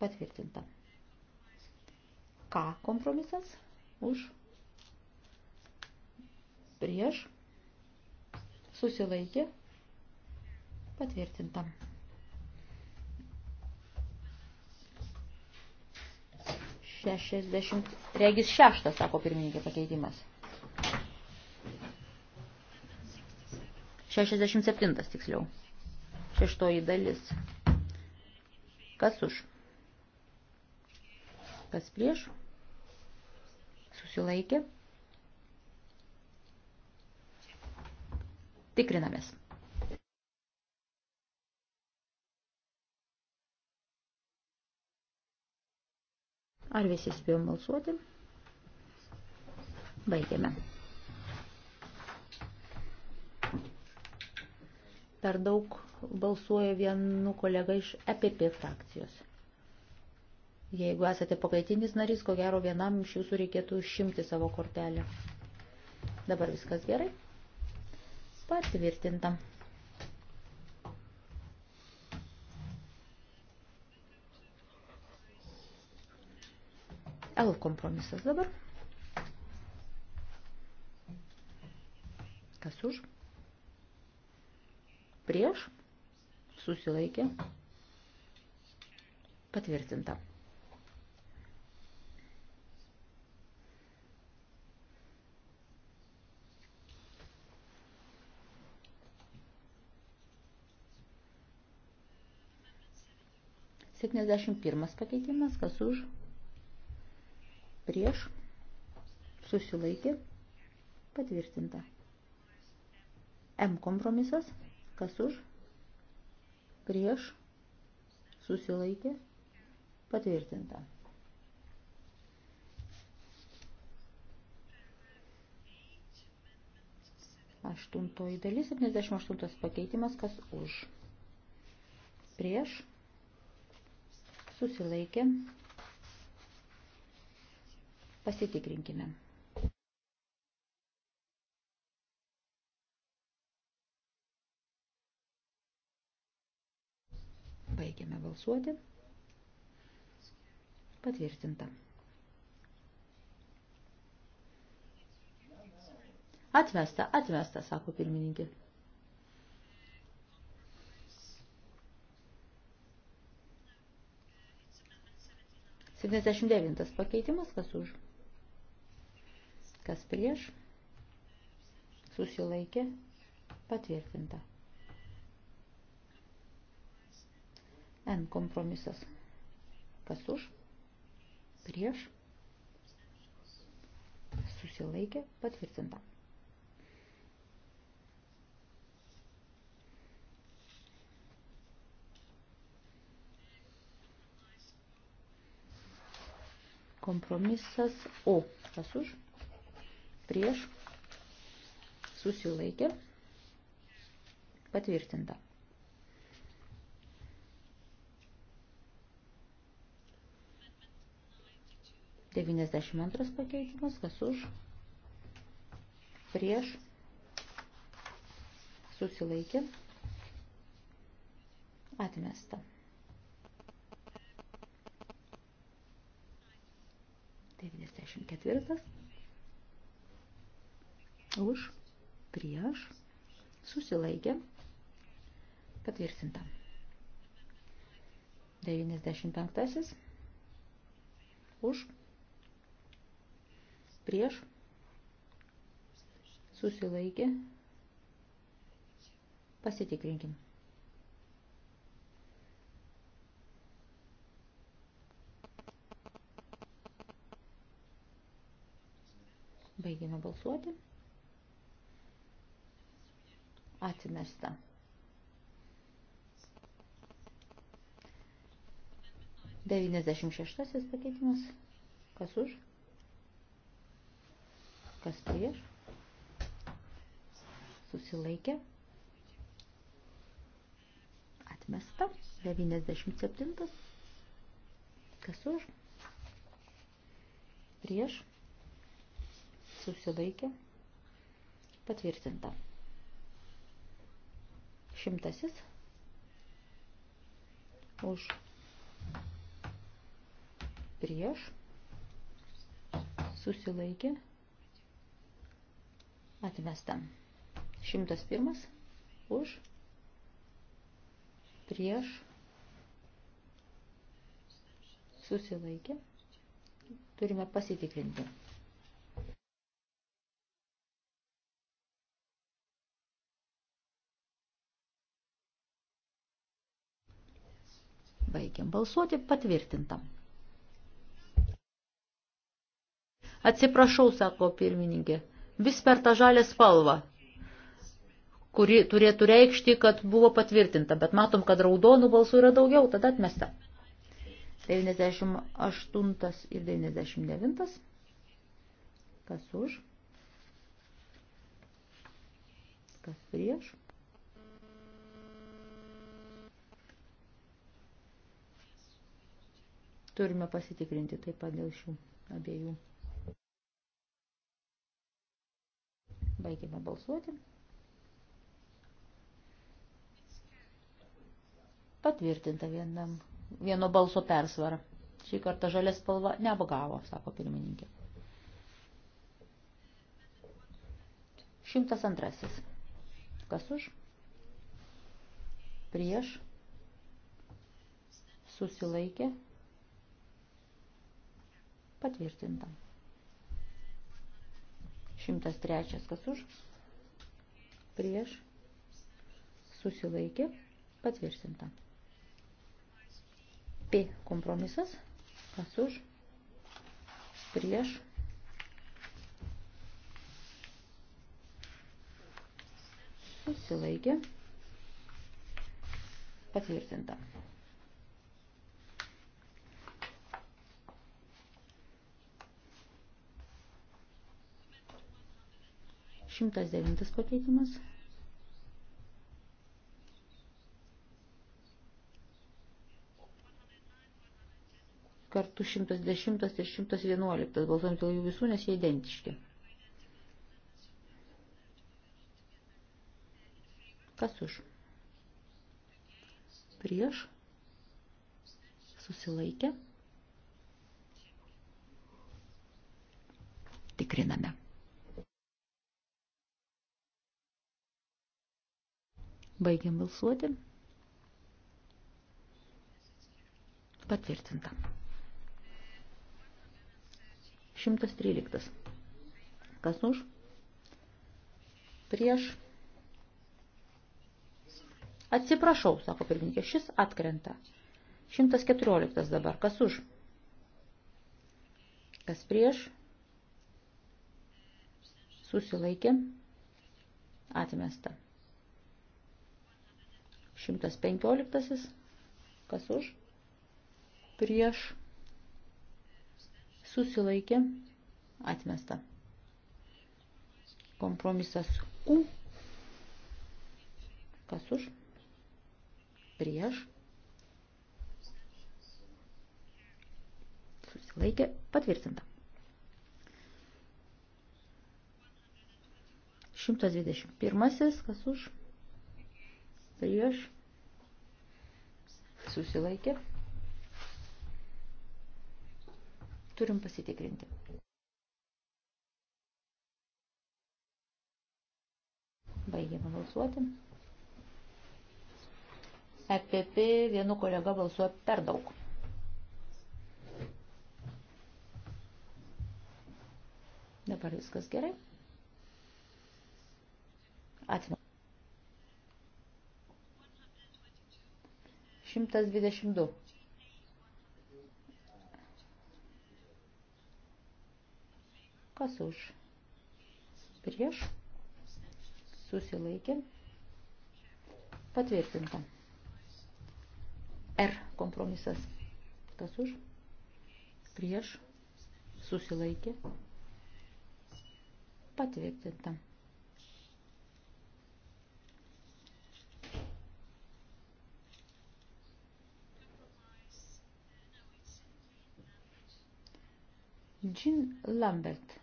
Patvirtinta. K kompromisas už, prieš. Susilaikė. Patvirtinta. 60, regis šeštas, sako pirmininkė pakeitimas. 67 tiksliau. Šeštoji dalis. Kas už? Kas prieš? Susilaikė. Tikrinamės. Ar visi spėjom balsuoti? Baigiame. Per daug balsuoja vienu kolega iš EPP frakcijos. Jeigu esate pakaitinis narys, ko gero vienam iš jūsų reikėtų šimti savo kortelę. Dabar viskas gerai. Patvirtinta. L kompromisas dabar. Kas už? Prieš? Susilaikė? Patvirtinta. Septyniasdešimt pirmas pakeitimas, kas už? prieš, susilaikė, patvirtinta. M kompromisas, kas už, prieš, susilaikė, patvirtinta. Aštuntoji dalis, 78 pakeitimas, kas už, prieš, susilaikė, patvirtinta Pasitikrinkime. Baigiame balsuoti. Patvirtinta. Atmesta, atmesta, sako pirmininkė. Septyniasdešimt devintas pakeitimas, kas už? Kas prieš? Susilaikė. Patvirtinta. N kompromisas. Kas už? Prieš? Susilaikė. Patvirtinta. kompromisas O. Kas už? prieš susilaikė patvirtinta. Devyniasdešimt antras pakeitimas, kas už, prieš, susilaikė, atmesta. Devyniasdešimt ketvirtas už, prieš, susilaikė, patvirtinta. 95. Už, prieš, susilaikė, pasitikrinkim. Baigėme balsuoti atmesta. Devyniasdešimt šeštasis pakeitimas. Kas už? Kas prieš? Susilaikė. Atmesta. Devyniasdešimt septintas. Kas už? Prieš. Susilaikė. Patvirtinta. Šimtasis. Už. Prieš. Susilaikė. Atmesta. Šimtas pirmas. Už. Prieš. Susilaikė. Turime pasitikrinti. Baigiam balsuoti patvirtintam. Atsiprašau, sako pirmininkė, vis per tą žalę spalvą, kuri turėtų reikšti, kad buvo patvirtinta, bet matom, kad raudonų balsų yra daugiau, tada atmesta. 98 ir 99. Kas už? Kas prieš? Turime pasitikrinti taip pat dėl šių abiejų. Baigėme balsuoti. Patvirtinta vienam, vieno balso persvara. Šį kartą žalės spalva neapgavo, sako pirmininkė. 102. Kas už? Prieš. Susilaikė. Patvirtinta. 103 kas už. Prieš. Susilaikė. Patvirtinta. P kompromisas. Kas už. Prieš. Susilaikė. Patvirtinta. 109 pakeitimas. Kartu 110 ir 111 balsuojam dėl jų visų, nes jie identiški. Kas už? Prieš? Susilaikę? Tikriname. Baigiam balsuoti. Patvirtinta. 113. Kas už? Prieš. Atsiprašau, sako pirmininkė, šis atkrenta. 114 dabar. Kas už? Kas prieš? Susilaikė. Atmesta. 115. Kas už? Prieš. Susilaikė. Atmesta. Kompromisas Q. Kas už? Prieš. Susilaikė. Patvirtinta. 121. Kas už? Prieš susilaikė. Turim pasitikrinti. Baigėme balsuoti. EPP vienu kolega balsuoja per daug. Dabar viskas gerai. Atsimenu. 122. Kas už? Prieš? Susilaikė. Patvirtinta. R kompromisas. Kas už? Prieš? Susilaikė. Patvirtinta. Jean Lambert.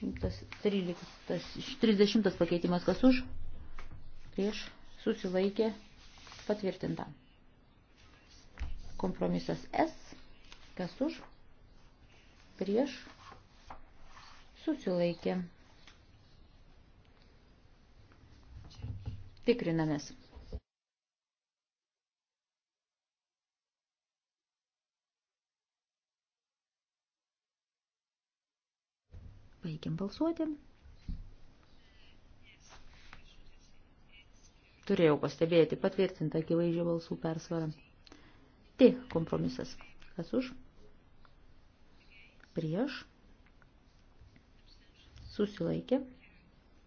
113, 30 pakeitimas kas už, prieš, susilaikė, patvirtinta. Kompromisas S, kas už, prieš, susilaikė. Tikrinamės. Baigiam balsuoti. Turėjau pastebėti patvirtintą akivaizdžią balsų persvarą. T kompromisas. Kas už? Prieš. Susilaikė.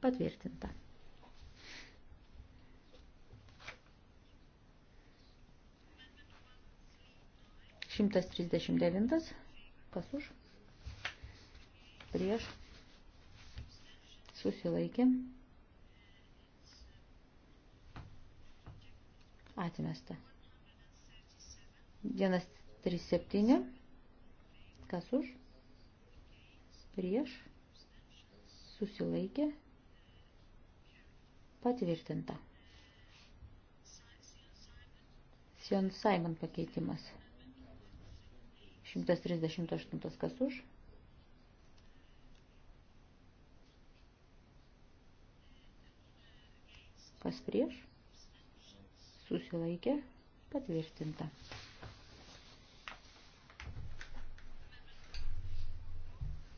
Patvirtinta. Šimtas trisdešimt devintas. Kas už? Prieš susilaikė, atmesta. 137, kas už, prieš, susilaikė, patvirtinta. Sion Simon pakeitimas. 138 kas už Kas prieš? Susilaikė. Patvirtinta.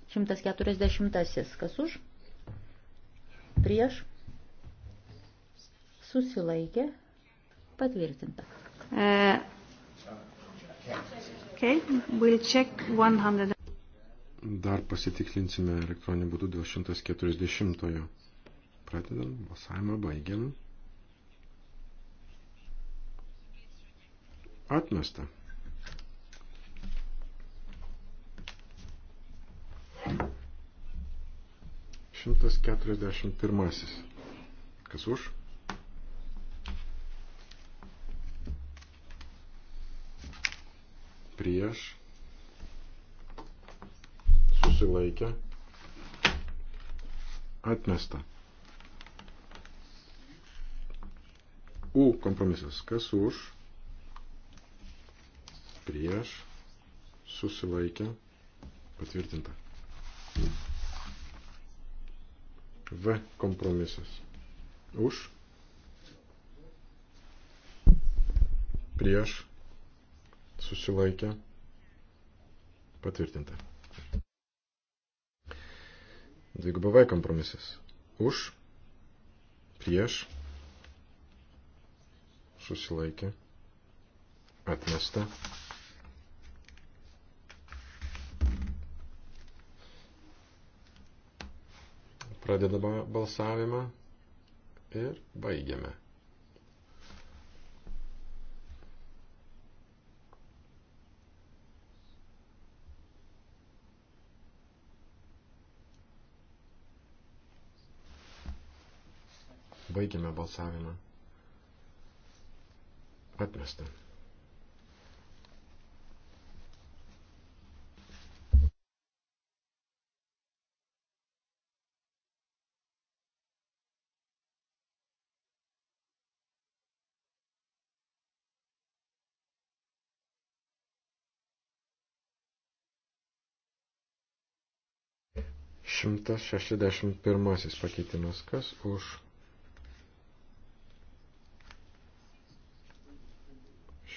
Šimtas keturiasdešimtasis. Kas už? Prieš? Susilaikė. Patvirtinta. Uh, okay, we'll check 100. Dar pasitikslinsime elektroninį būdų dėl 140. -ojo. Pradedam, balsavimą baigiam. Atmesta. Šimtas keturiasdešimt pirmasis. Kas už? Prieš. Susilaikę. Atmesta. U kompromisas. Kas už? Prieš. Susilaikė. Patvirtinta. V kompromisas. Už. Prieš. Susilaikė. Patvirtinta. Dvigubavai kompromisas. Už. Prieš susilaikė, atmesta. Pradedame balsavimą ir baigiame. Baigiame balsavimą. Atmesta. Šimtas šešiasdešimt pirmasis pakeitimas. Kas už?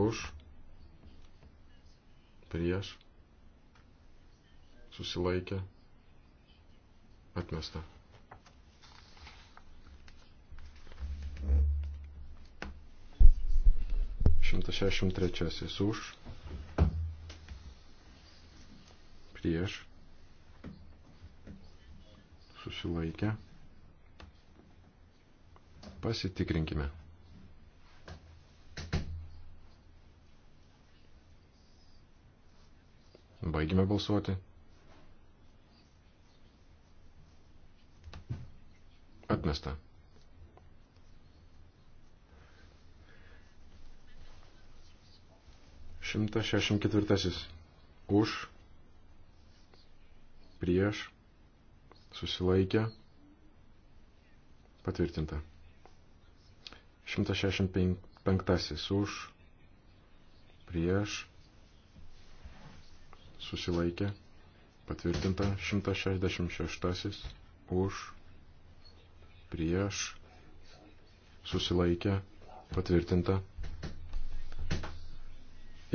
už, prieš, susilaikė, atmesta. Šimtas šešimt trečiasis už, prieš, susilaikė, pasitikrinkime. Baigime balsuoti. Atmesta. Šimtas šešim ketvirtasis. Už. Prieš. Susilaikė. Patvirtinta. 165 už, prieš, susilaikė, patvirtinta 166 už, prieš, susilaikė, patvirtinta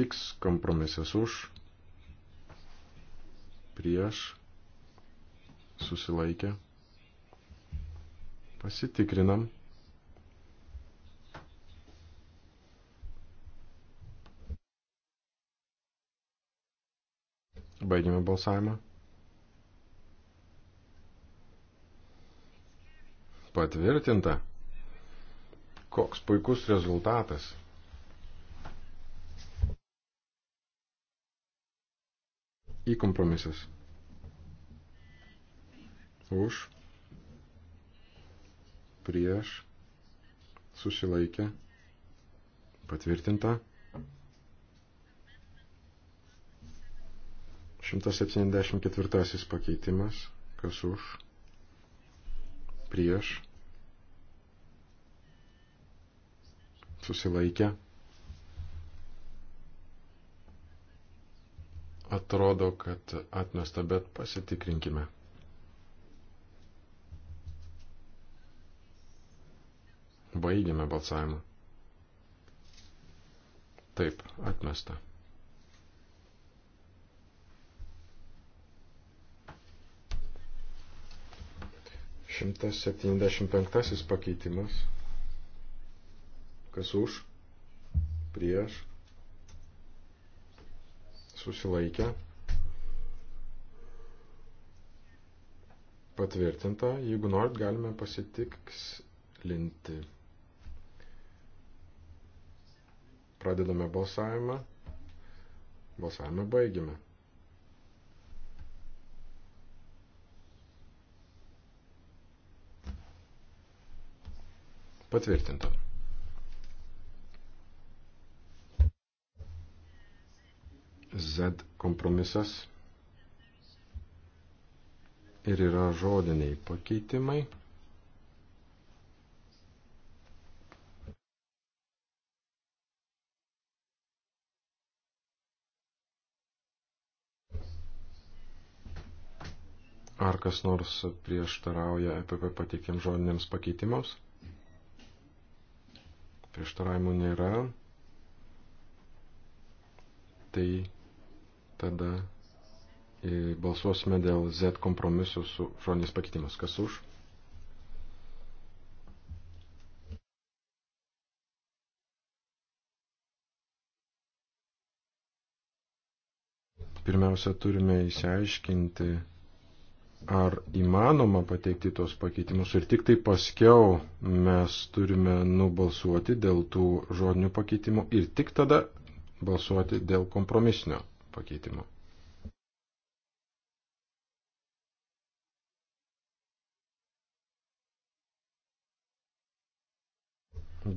X kompromisas už, prieš, susilaikė, pasitikrinam Baigėme balsavimą. Patvirtinta. Koks puikus rezultatas. Į kompromisas. Už. Prieš. Susilaikė. Patvirtinta. 174 pakeitimas, kas už, prieš, susilaikę. Atrodo, kad atmesta, bet pasitikrinkime. Baigėme balsavimą. Taip, atmesta. 175 pakeitimas. Kas už? Prieš. Susilaikę. Patvirtinta. Jeigu norit, galime pasitikslinti. Pradedame balsavimą. Balsavimą baigime. Patvirtinta. Z kompromisas ir yra žodiniai pakeitimai. Ar kas nors prieštarauja EPP pateikiam žodiniams pakeitimams? prieštaravimų nėra, tai tada e, balsuosime dėl Z kompromisu su žodiniais pakeitimus. Kas už? Pirmiausia, turime įsiaiškinti, ar įmanoma pateikti tos pakeitimus ir tik tai paskiau mes turime nubalsuoti dėl tų žodinių pakeitimų ir tik tada balsuoti dėl kompromisinio pakeitimo.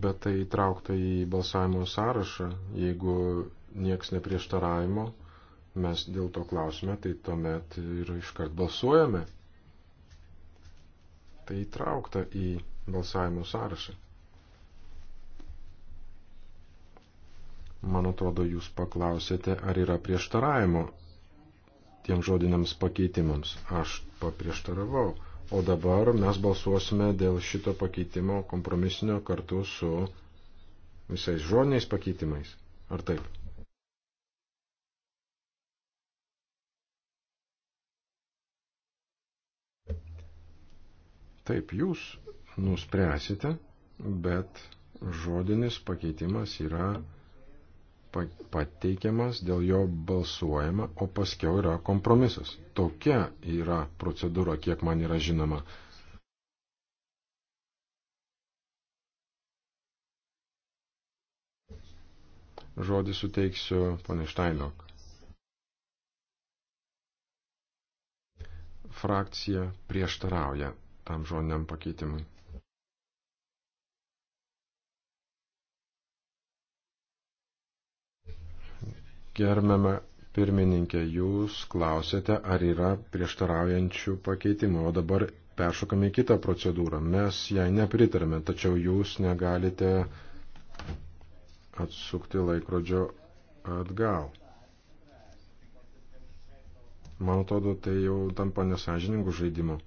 Bet tai įtraukta į balsavimo sąrašą, jeigu nieks neprieštaravimo, mes dėl to klausime, tai tuomet ir iškart balsuojame. Tai įtraukta į balsavimo sąrašą. Man atrodo, jūs paklausėte, ar yra prieštaravimo tiem žodiniams pakeitimams. Aš paprieštaravau. O dabar mes balsuosime dėl šito pakeitimo kompromisinio kartu su visais žodiniais pakeitimais. Ar taip? Taip, jūs nuspręsite, bet žodinis pakeitimas yra pateikiamas, dėl jo balsuojama, o paskiau yra kompromisas. Tokia yra procedūra, kiek man yra žinoma. Žodį suteiksiu pane Štainok. Frakcija prieštarauja tam žodiniam pakeitimui. Gerbiame pirmininkė, jūs klausėte, ar yra prieštaraujančių pakeitimų, o dabar peršokame į kitą procedūrą. Mes jai nepritarame, tačiau jūs negalite atsukti laikrodžio atgal. Man atrodo, tai jau tampa nesažiningų žaidimų.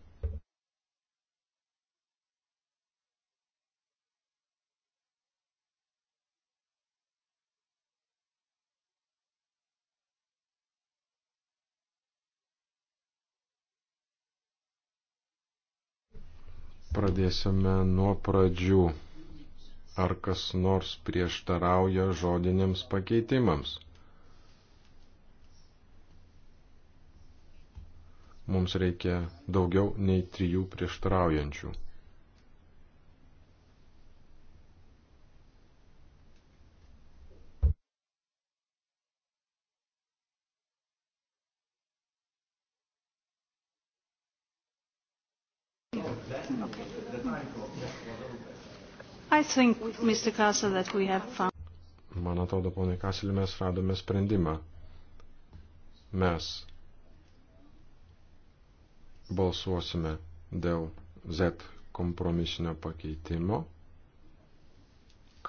Pradėsime nuo pradžių. Ar kas nors prieštarauja žodiniams pakeitimams? Mums reikia daugiau nei trijų prieštaraujančių. Think, Kassel, found... Man atrodo, ponai Kasilį, mes radome sprendimą. Mes balsuosime dėl Z kompromisinio pakeitimo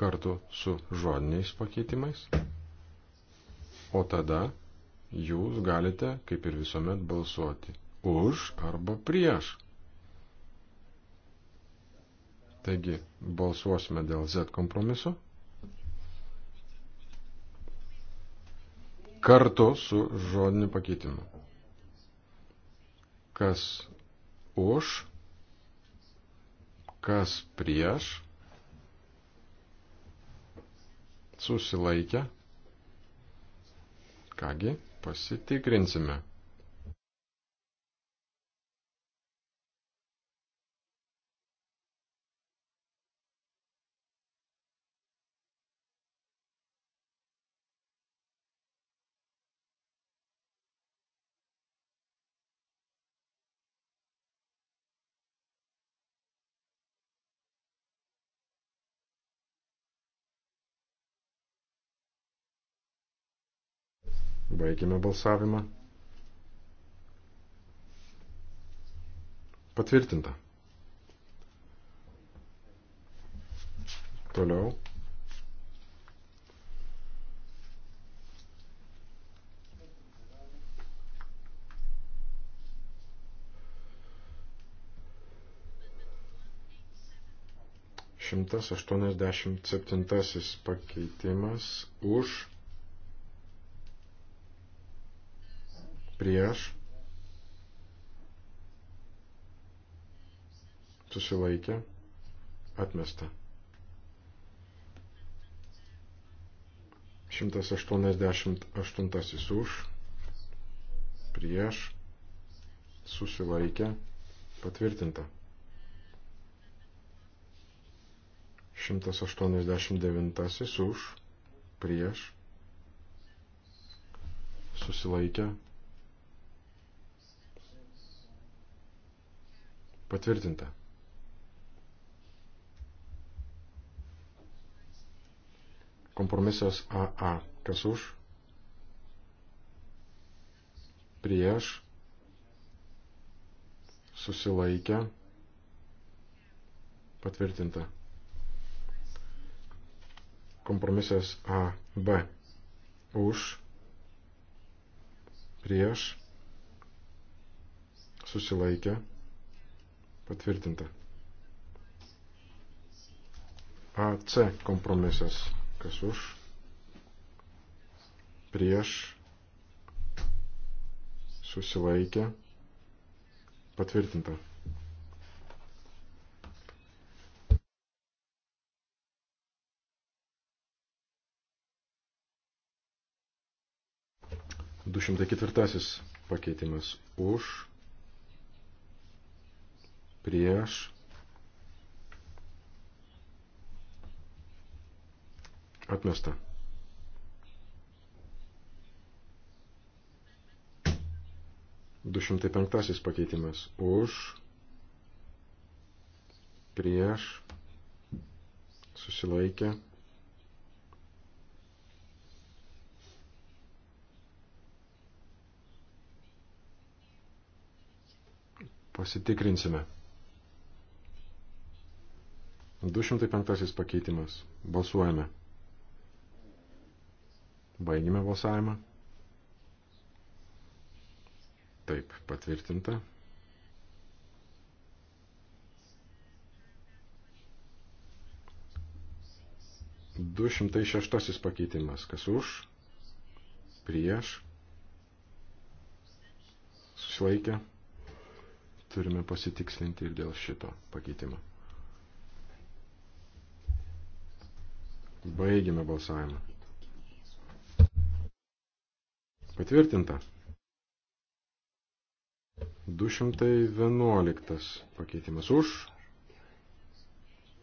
kartu su žodiniais pakeitimais, o tada jūs galite, kaip ir visuomet, balsuoti už arba prieš Taigi balsuosime dėl Z kompromiso. Kartu su žodiniu pakeitimu. Kas už, kas prieš, susilaikę. Kągi, pasitikrinsime. Baigime balsavimą. Patvirtinta. Toliau. Šimtas aštuoniasdešimt septintasis pakeitimas už prieš, susilaikė, atmesta. 188 už, prieš, susilaikė, patvirtinta. 189 už, prieš, susilaikė, Patvirtinta. Kompromisas AA. Kas už? Prieš. Susilaikę. Patvirtinta. Kompromisas AB. Už. Prieš. Susilaikę. Patvirtinta. AC kompromisas. Kas už? Prieš. Susilaikė. Patvirtinta. Du šimtai ketvirtasis pakeitimas už prieš, atmesta. Du šimtai penktasis pakeitimas už, prieš, susilaikė. Pasitikrinsime. 205 pakeitimas. Balsuojame. Baigime balsavimą. Taip, patvirtinta. Du šimtai šeštasis pakeitimas. Kas už? Prieš? Susilaikė? Turime pasitikslinti ir dėl šito pakeitimo. Baigime balsavimą. Patvirtinta. 211 pakeitimas už,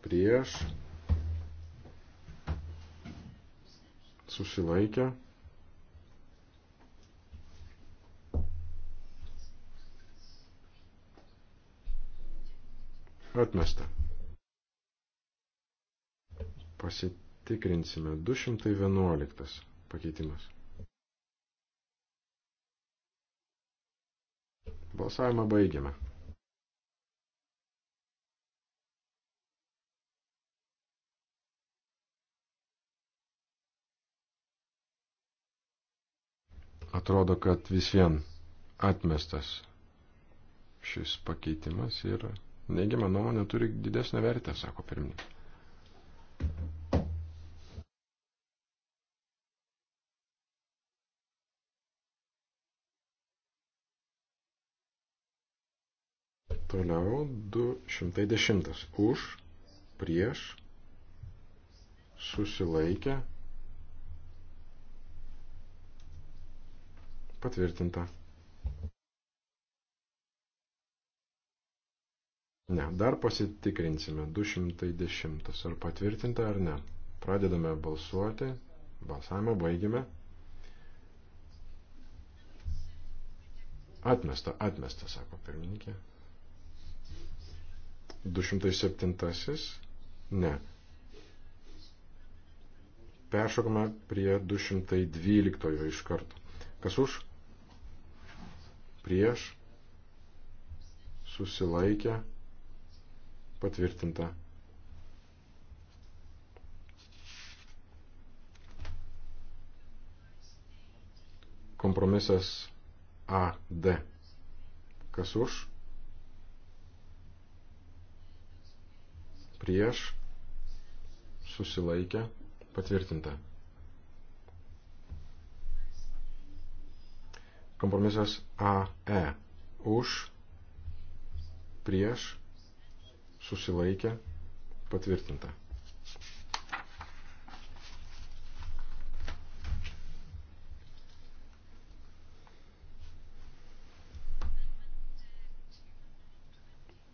prieš, susilaikę. Atmesta. Pasit Tikrinsime 211 pakeitimas. Balsavimą baigiame. Atrodo, kad vis vien atmestas šis pakeitimas ir neigiama nuomonė turi didesnę vertę, sako pirmininkas. Toliau 210. Už, prieš, susilaikę, patvirtinta. Ne, dar pasitikrinsime 210. Ar patvirtinta ar ne. Pradedame balsuoti. Balsavimą baigime. Atmesta, atmesta, sako pirmininkė. 207. Ne. Peršokime prie 212 iš karto. Kas už? Prieš. Susilaikę. Patvirtinta. Kompromisas AD. Kas už? prieš, susilaikė, patvirtinta. Kompromisas AE už, prieš, susilaikė, patvirtinta.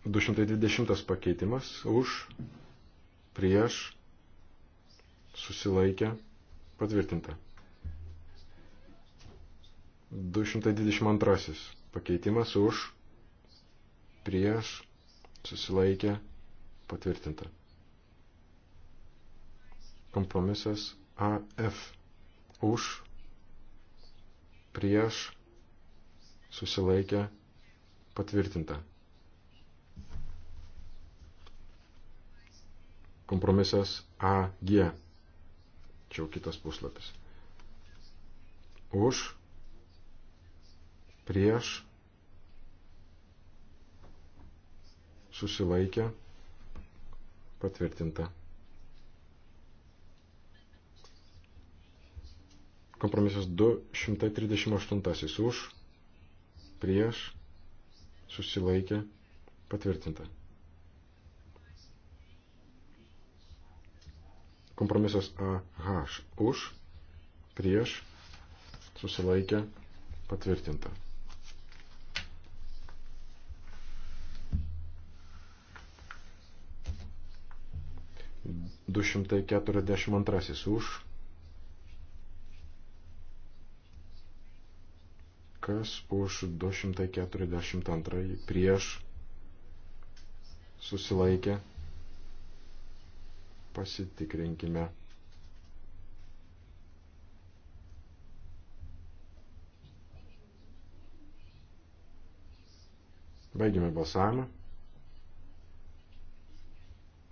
220 pakeitimas už, prieš, susilaikę, patvirtinta. 222 pakeitimas už, prieš, susilaikę, patvirtinta. Kompromisas AF už, prieš, susilaikę, patvirtinta. kompromisas AG. Čia jau kitas puslapis. Už, prieš, susilaikę, patvirtinta. Kompromisas 238 už, prieš, susilaikę, patvirtinta. Kompromisas AH už, prieš, susilaikė, patvirtinta. Du šimtai keturiasdešimt antrasis už, kas už 242 prieš susilaikė Pasitikrinkime. Baigime balsavimą.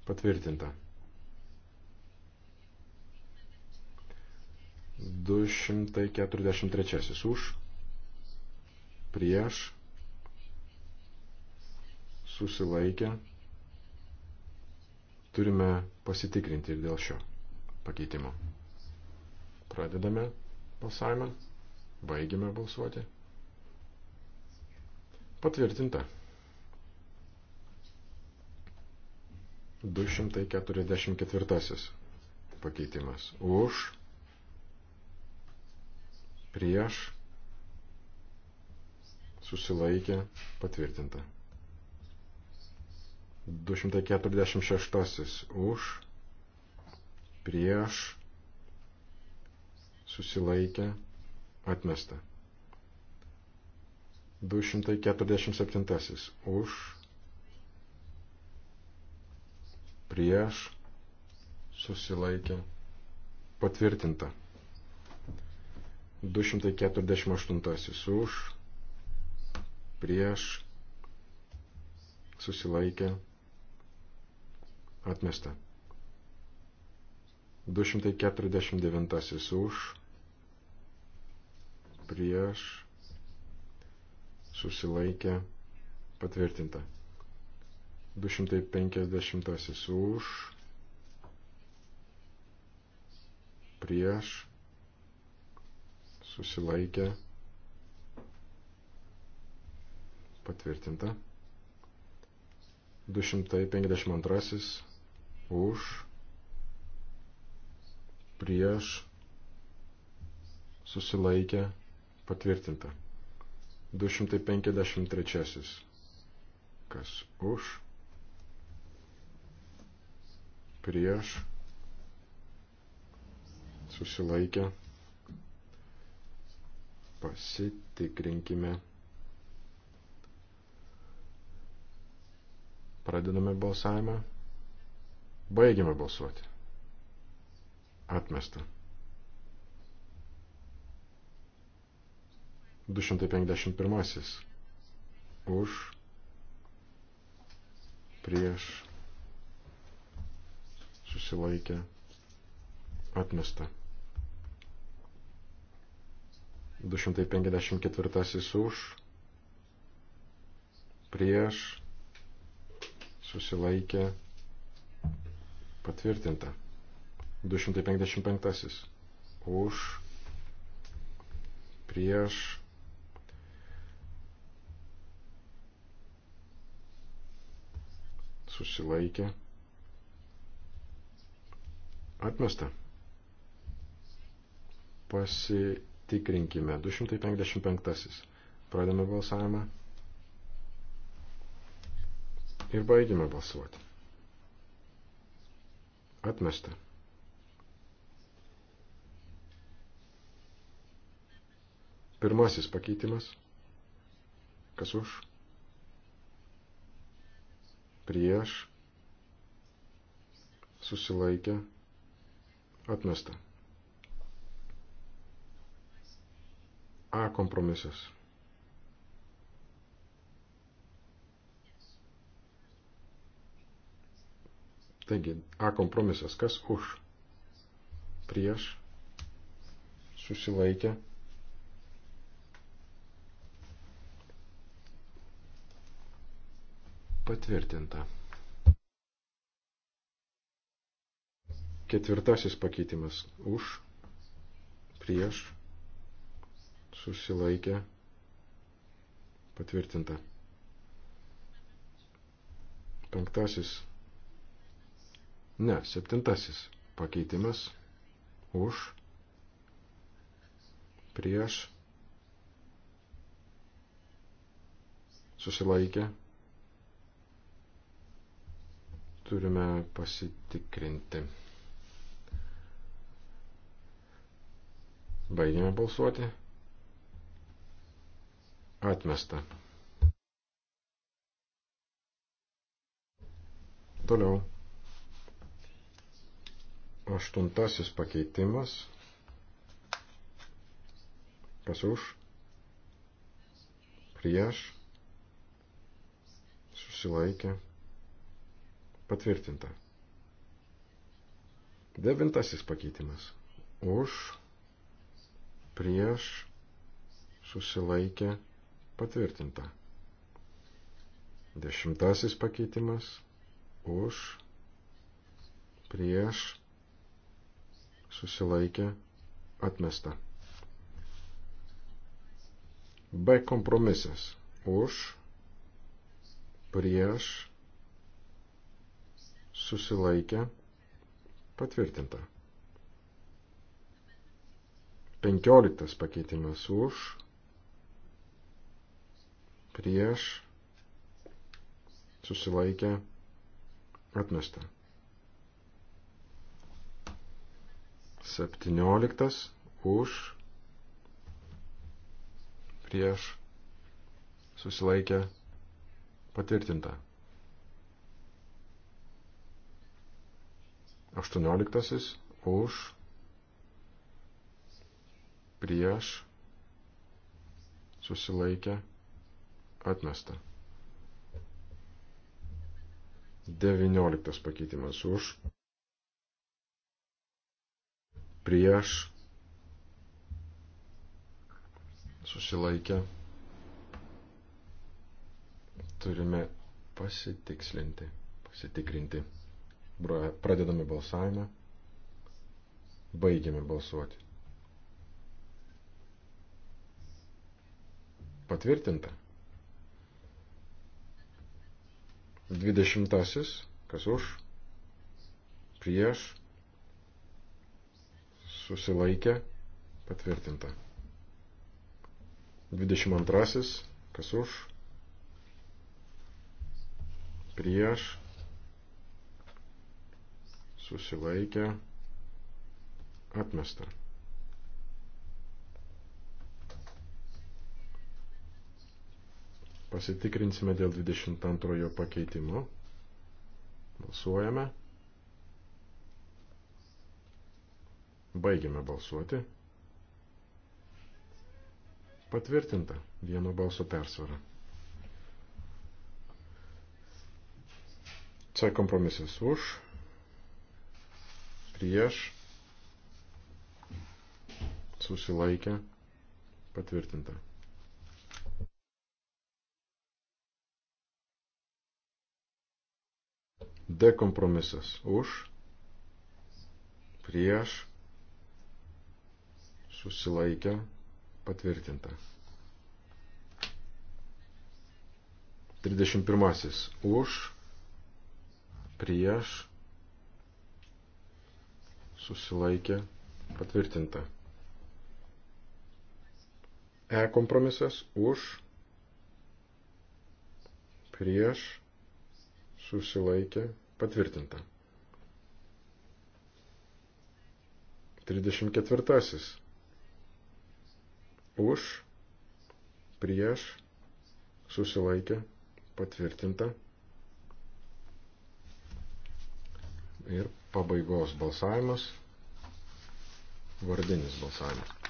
Patvirtinta. 243 už, prieš, susilaikę, Turime pasitikrinti ir dėl šio pakeitimo. Pradedame balsavimą, baigime balsuoti. Patvirtinta. 244 pakeitimas. Už, prieš, susilaikė, patvirtinta. 246 už, prieš, susilaikę, atmesta. 247 už, prieš, susilaikę, patvirtinta. 248 už, prieš, susilaikę, Atmesta. 249 už, prieš, susilaikė, patvirtinta. 250 už, prieš, susilaikė, patvirtinta. 252 už, prieš, susilaikė, patvirtinta. 253. Kas už, prieš, susilaikė, pasitikrinkime. Pradedame balsavimą. Baigiame balsuoti. Atmesta. 251. Už. Prieš. Susilaikę. Atmesta. 254 už, prieš, susilaikė, Patvirtinta. 255. Už. Prieš. Susilaikė. Atmesta. Pasitikrinkime. 255. Pradame balsavimą. Ir baigime balsuoti. Atmesta. Pirmasis pakeitimas. Kas už? Prieš. Susilaikė. Atmesta. A kompromisas. Taigi, A kompromisas, kas už, prieš, susilaikė. Patvirtinta. Ketvirtasis pakeitimas už, prieš, susilaikė, patvirtinta. Penktasis Ne, septintasis pakeitimas už, prieš, susilaikė. Turime pasitikrinti. Baigėme balsuoti. Atmesta. Toliau. Aštuntasis pakeitimas. Kas už? Prieš. Susilaikė. Patvirtinta. Devintasis pakeitimas. Už. Prieš. Susilaikė. Patvirtinta. Dešimtasis pakeitimas. Už. Prieš susilaikė, atmesta. B kompromisas. Už, prieš, susilaikė, patvirtinta. 15 pakeitimas už, prieš, susilaikė, atmesta. 17 už prieš susilaikę patvirtinta. 18 už prieš susilaikę atmesta. 19 pakeitimas už prieš susilaikę turime pasitikslinti, pasitikrinti. Pradedame balsavimą, baigiame balsuoti. Patvirtinta. Dvidešimtasis, kas už, prieš, susilaikė, patvirtinta. 22. Kas už? Prieš. Susilaikė. Atmesta. Pasitikrinsime dėl 22 pakeitimo. Balsuojame. Baigiame balsuoti. Patvirtinta vieno balso persvara. C kompromisas už, prieš, susilaikę, patvirtinta. D kompromisas už, prieš, susilaikė patvirtinta. 31. Už, prieš, susilaikė patvirtinta. E kompromisas už, prieš, susilaikė patvirtinta. 34 už, prieš, susilaikė, patvirtinta. Ir pabaigos balsavimas, vardinis balsavimas.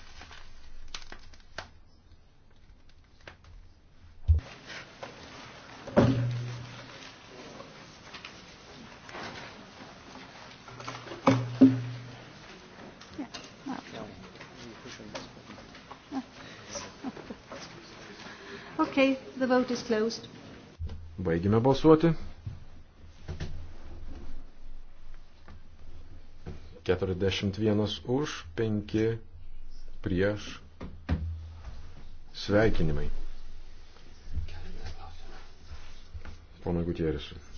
vote is closed. Baigime balsuoti. 41 už, 5 prieš. Sveikinimai. Pona Gutierisui.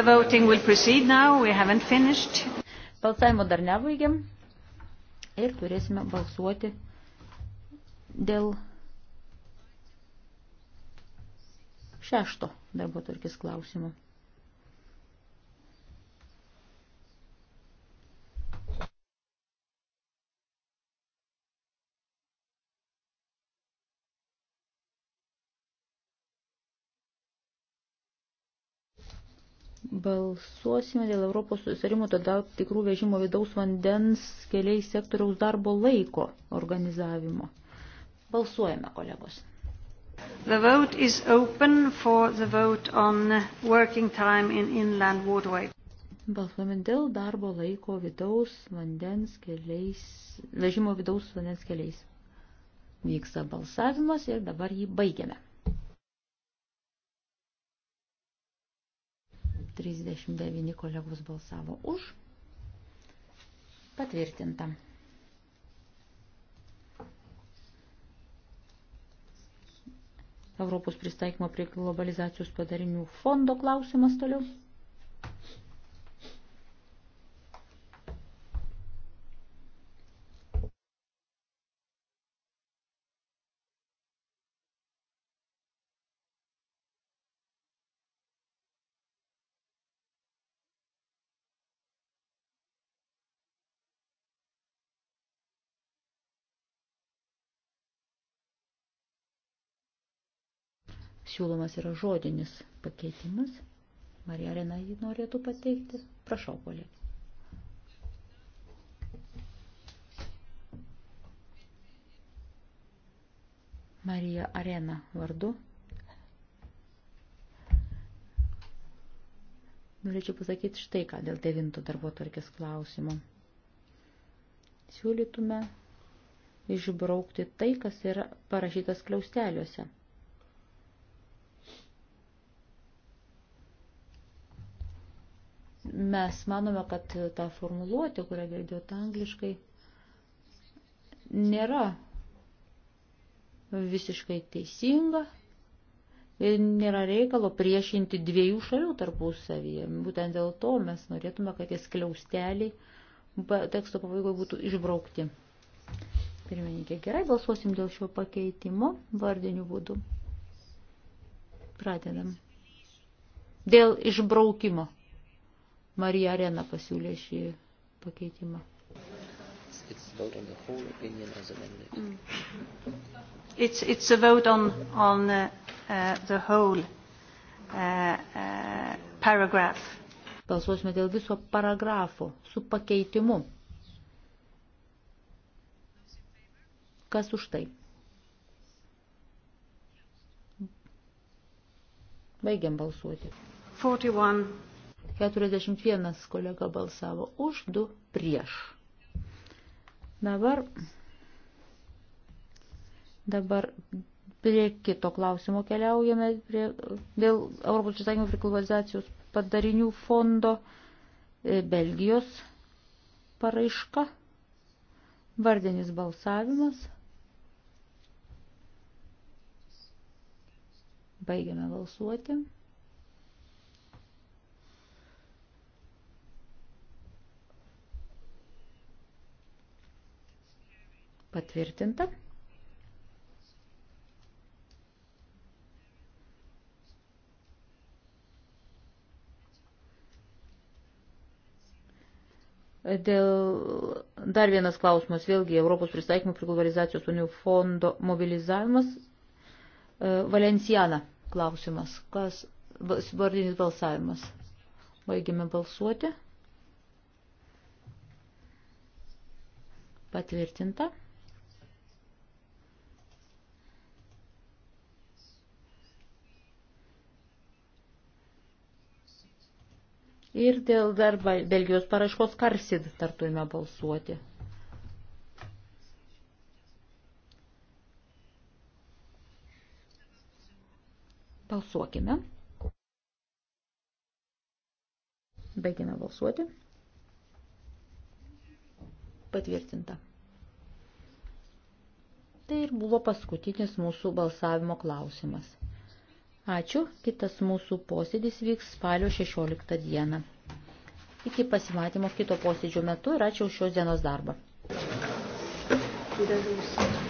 The voting will proceed now. We haven't finished. Balsavimo dar nebaigiam ir turėsime balsuoti dėl šešto darbo turkis klausimo. balsuosime dėl Europos susirimo dėl tikrų vežimo vidaus vandens keliai sektoriaus darbo laiko organizavimo. Balsuojame, kolegos. The vote is open for the vote on working time in inland waterway. Balsuojame dėl darbo laiko vidaus vandens keliais, vežimo vidaus vandens keliais. Vyksta balsavimas ir dabar jį baigiame. 39 kolegos balsavo už. Patvirtinta. Europos pristaikymo prie globalizacijos padarinių fondo klausimas toliau. Siūlomas yra žodinis pakeitimas. Marija Rena jį norėtų pateikti. Prašau, polė. Marija Arena vardu. Norėčiau pasakyti štai ką dėl devinto darbo tvarkės klausimo. Siūlytume išbraukti tai, kas yra parašytas kliausteliuose – Mes manome, kad ta formuluotė, kurią girdėjote angliškai, nėra visiškai teisinga ir nėra reikalo priešinti dviejų šalių tarpusavyje. Būtent dėl to mes norėtume, kad tie skliausteliai teksto pabaigoje būtų išbraukti. Pirmininkė, gerai, balsuosim dėl šio pakeitimo vardinių būdų. Pradedam. Dėl išbraukimo. Marija Arena pasiūlė šį pakeitimą. It's vote on the whole opinion as amended. Mm. It's, it's a vote on, on uh, uh, the whole uh, uh, paragraph. Balsuosime dėl viso paragrafo su pakeitimu. Kas už tai? Baigiam balsuoti. 41 41 kolega balsavo už, 2 prieš. Dabar, dabar prie kito klausimo keliaujame prie, dėl Europos įstatymų prikluvizacijos padarinių fondo e, Belgijos paraiška, vardinis balsavimas. Baigiame balsuoti. Patvirtinta. Dėl dar vienas klausimas, vėlgi Europos pristaikymų prie globalizacijos unijų fondo mobilizavimas. E, Valenciana klausimas, kas vardinis balsavimas. Baigėme balsuoti. Patvirtinta. Ir dėl dar Belgijos paraškos karsid dar turime balsuoti. Balsuokime. Baigime balsuoti. Patvirtinta. Tai ir buvo paskutinis mūsų balsavimo klausimas. Ačiū. Kitas mūsų posėdis vyks spalio 16 dieną. Iki pasimatymo kito posėdžio metu ir ačiū už šios dienos darbą. Thank you.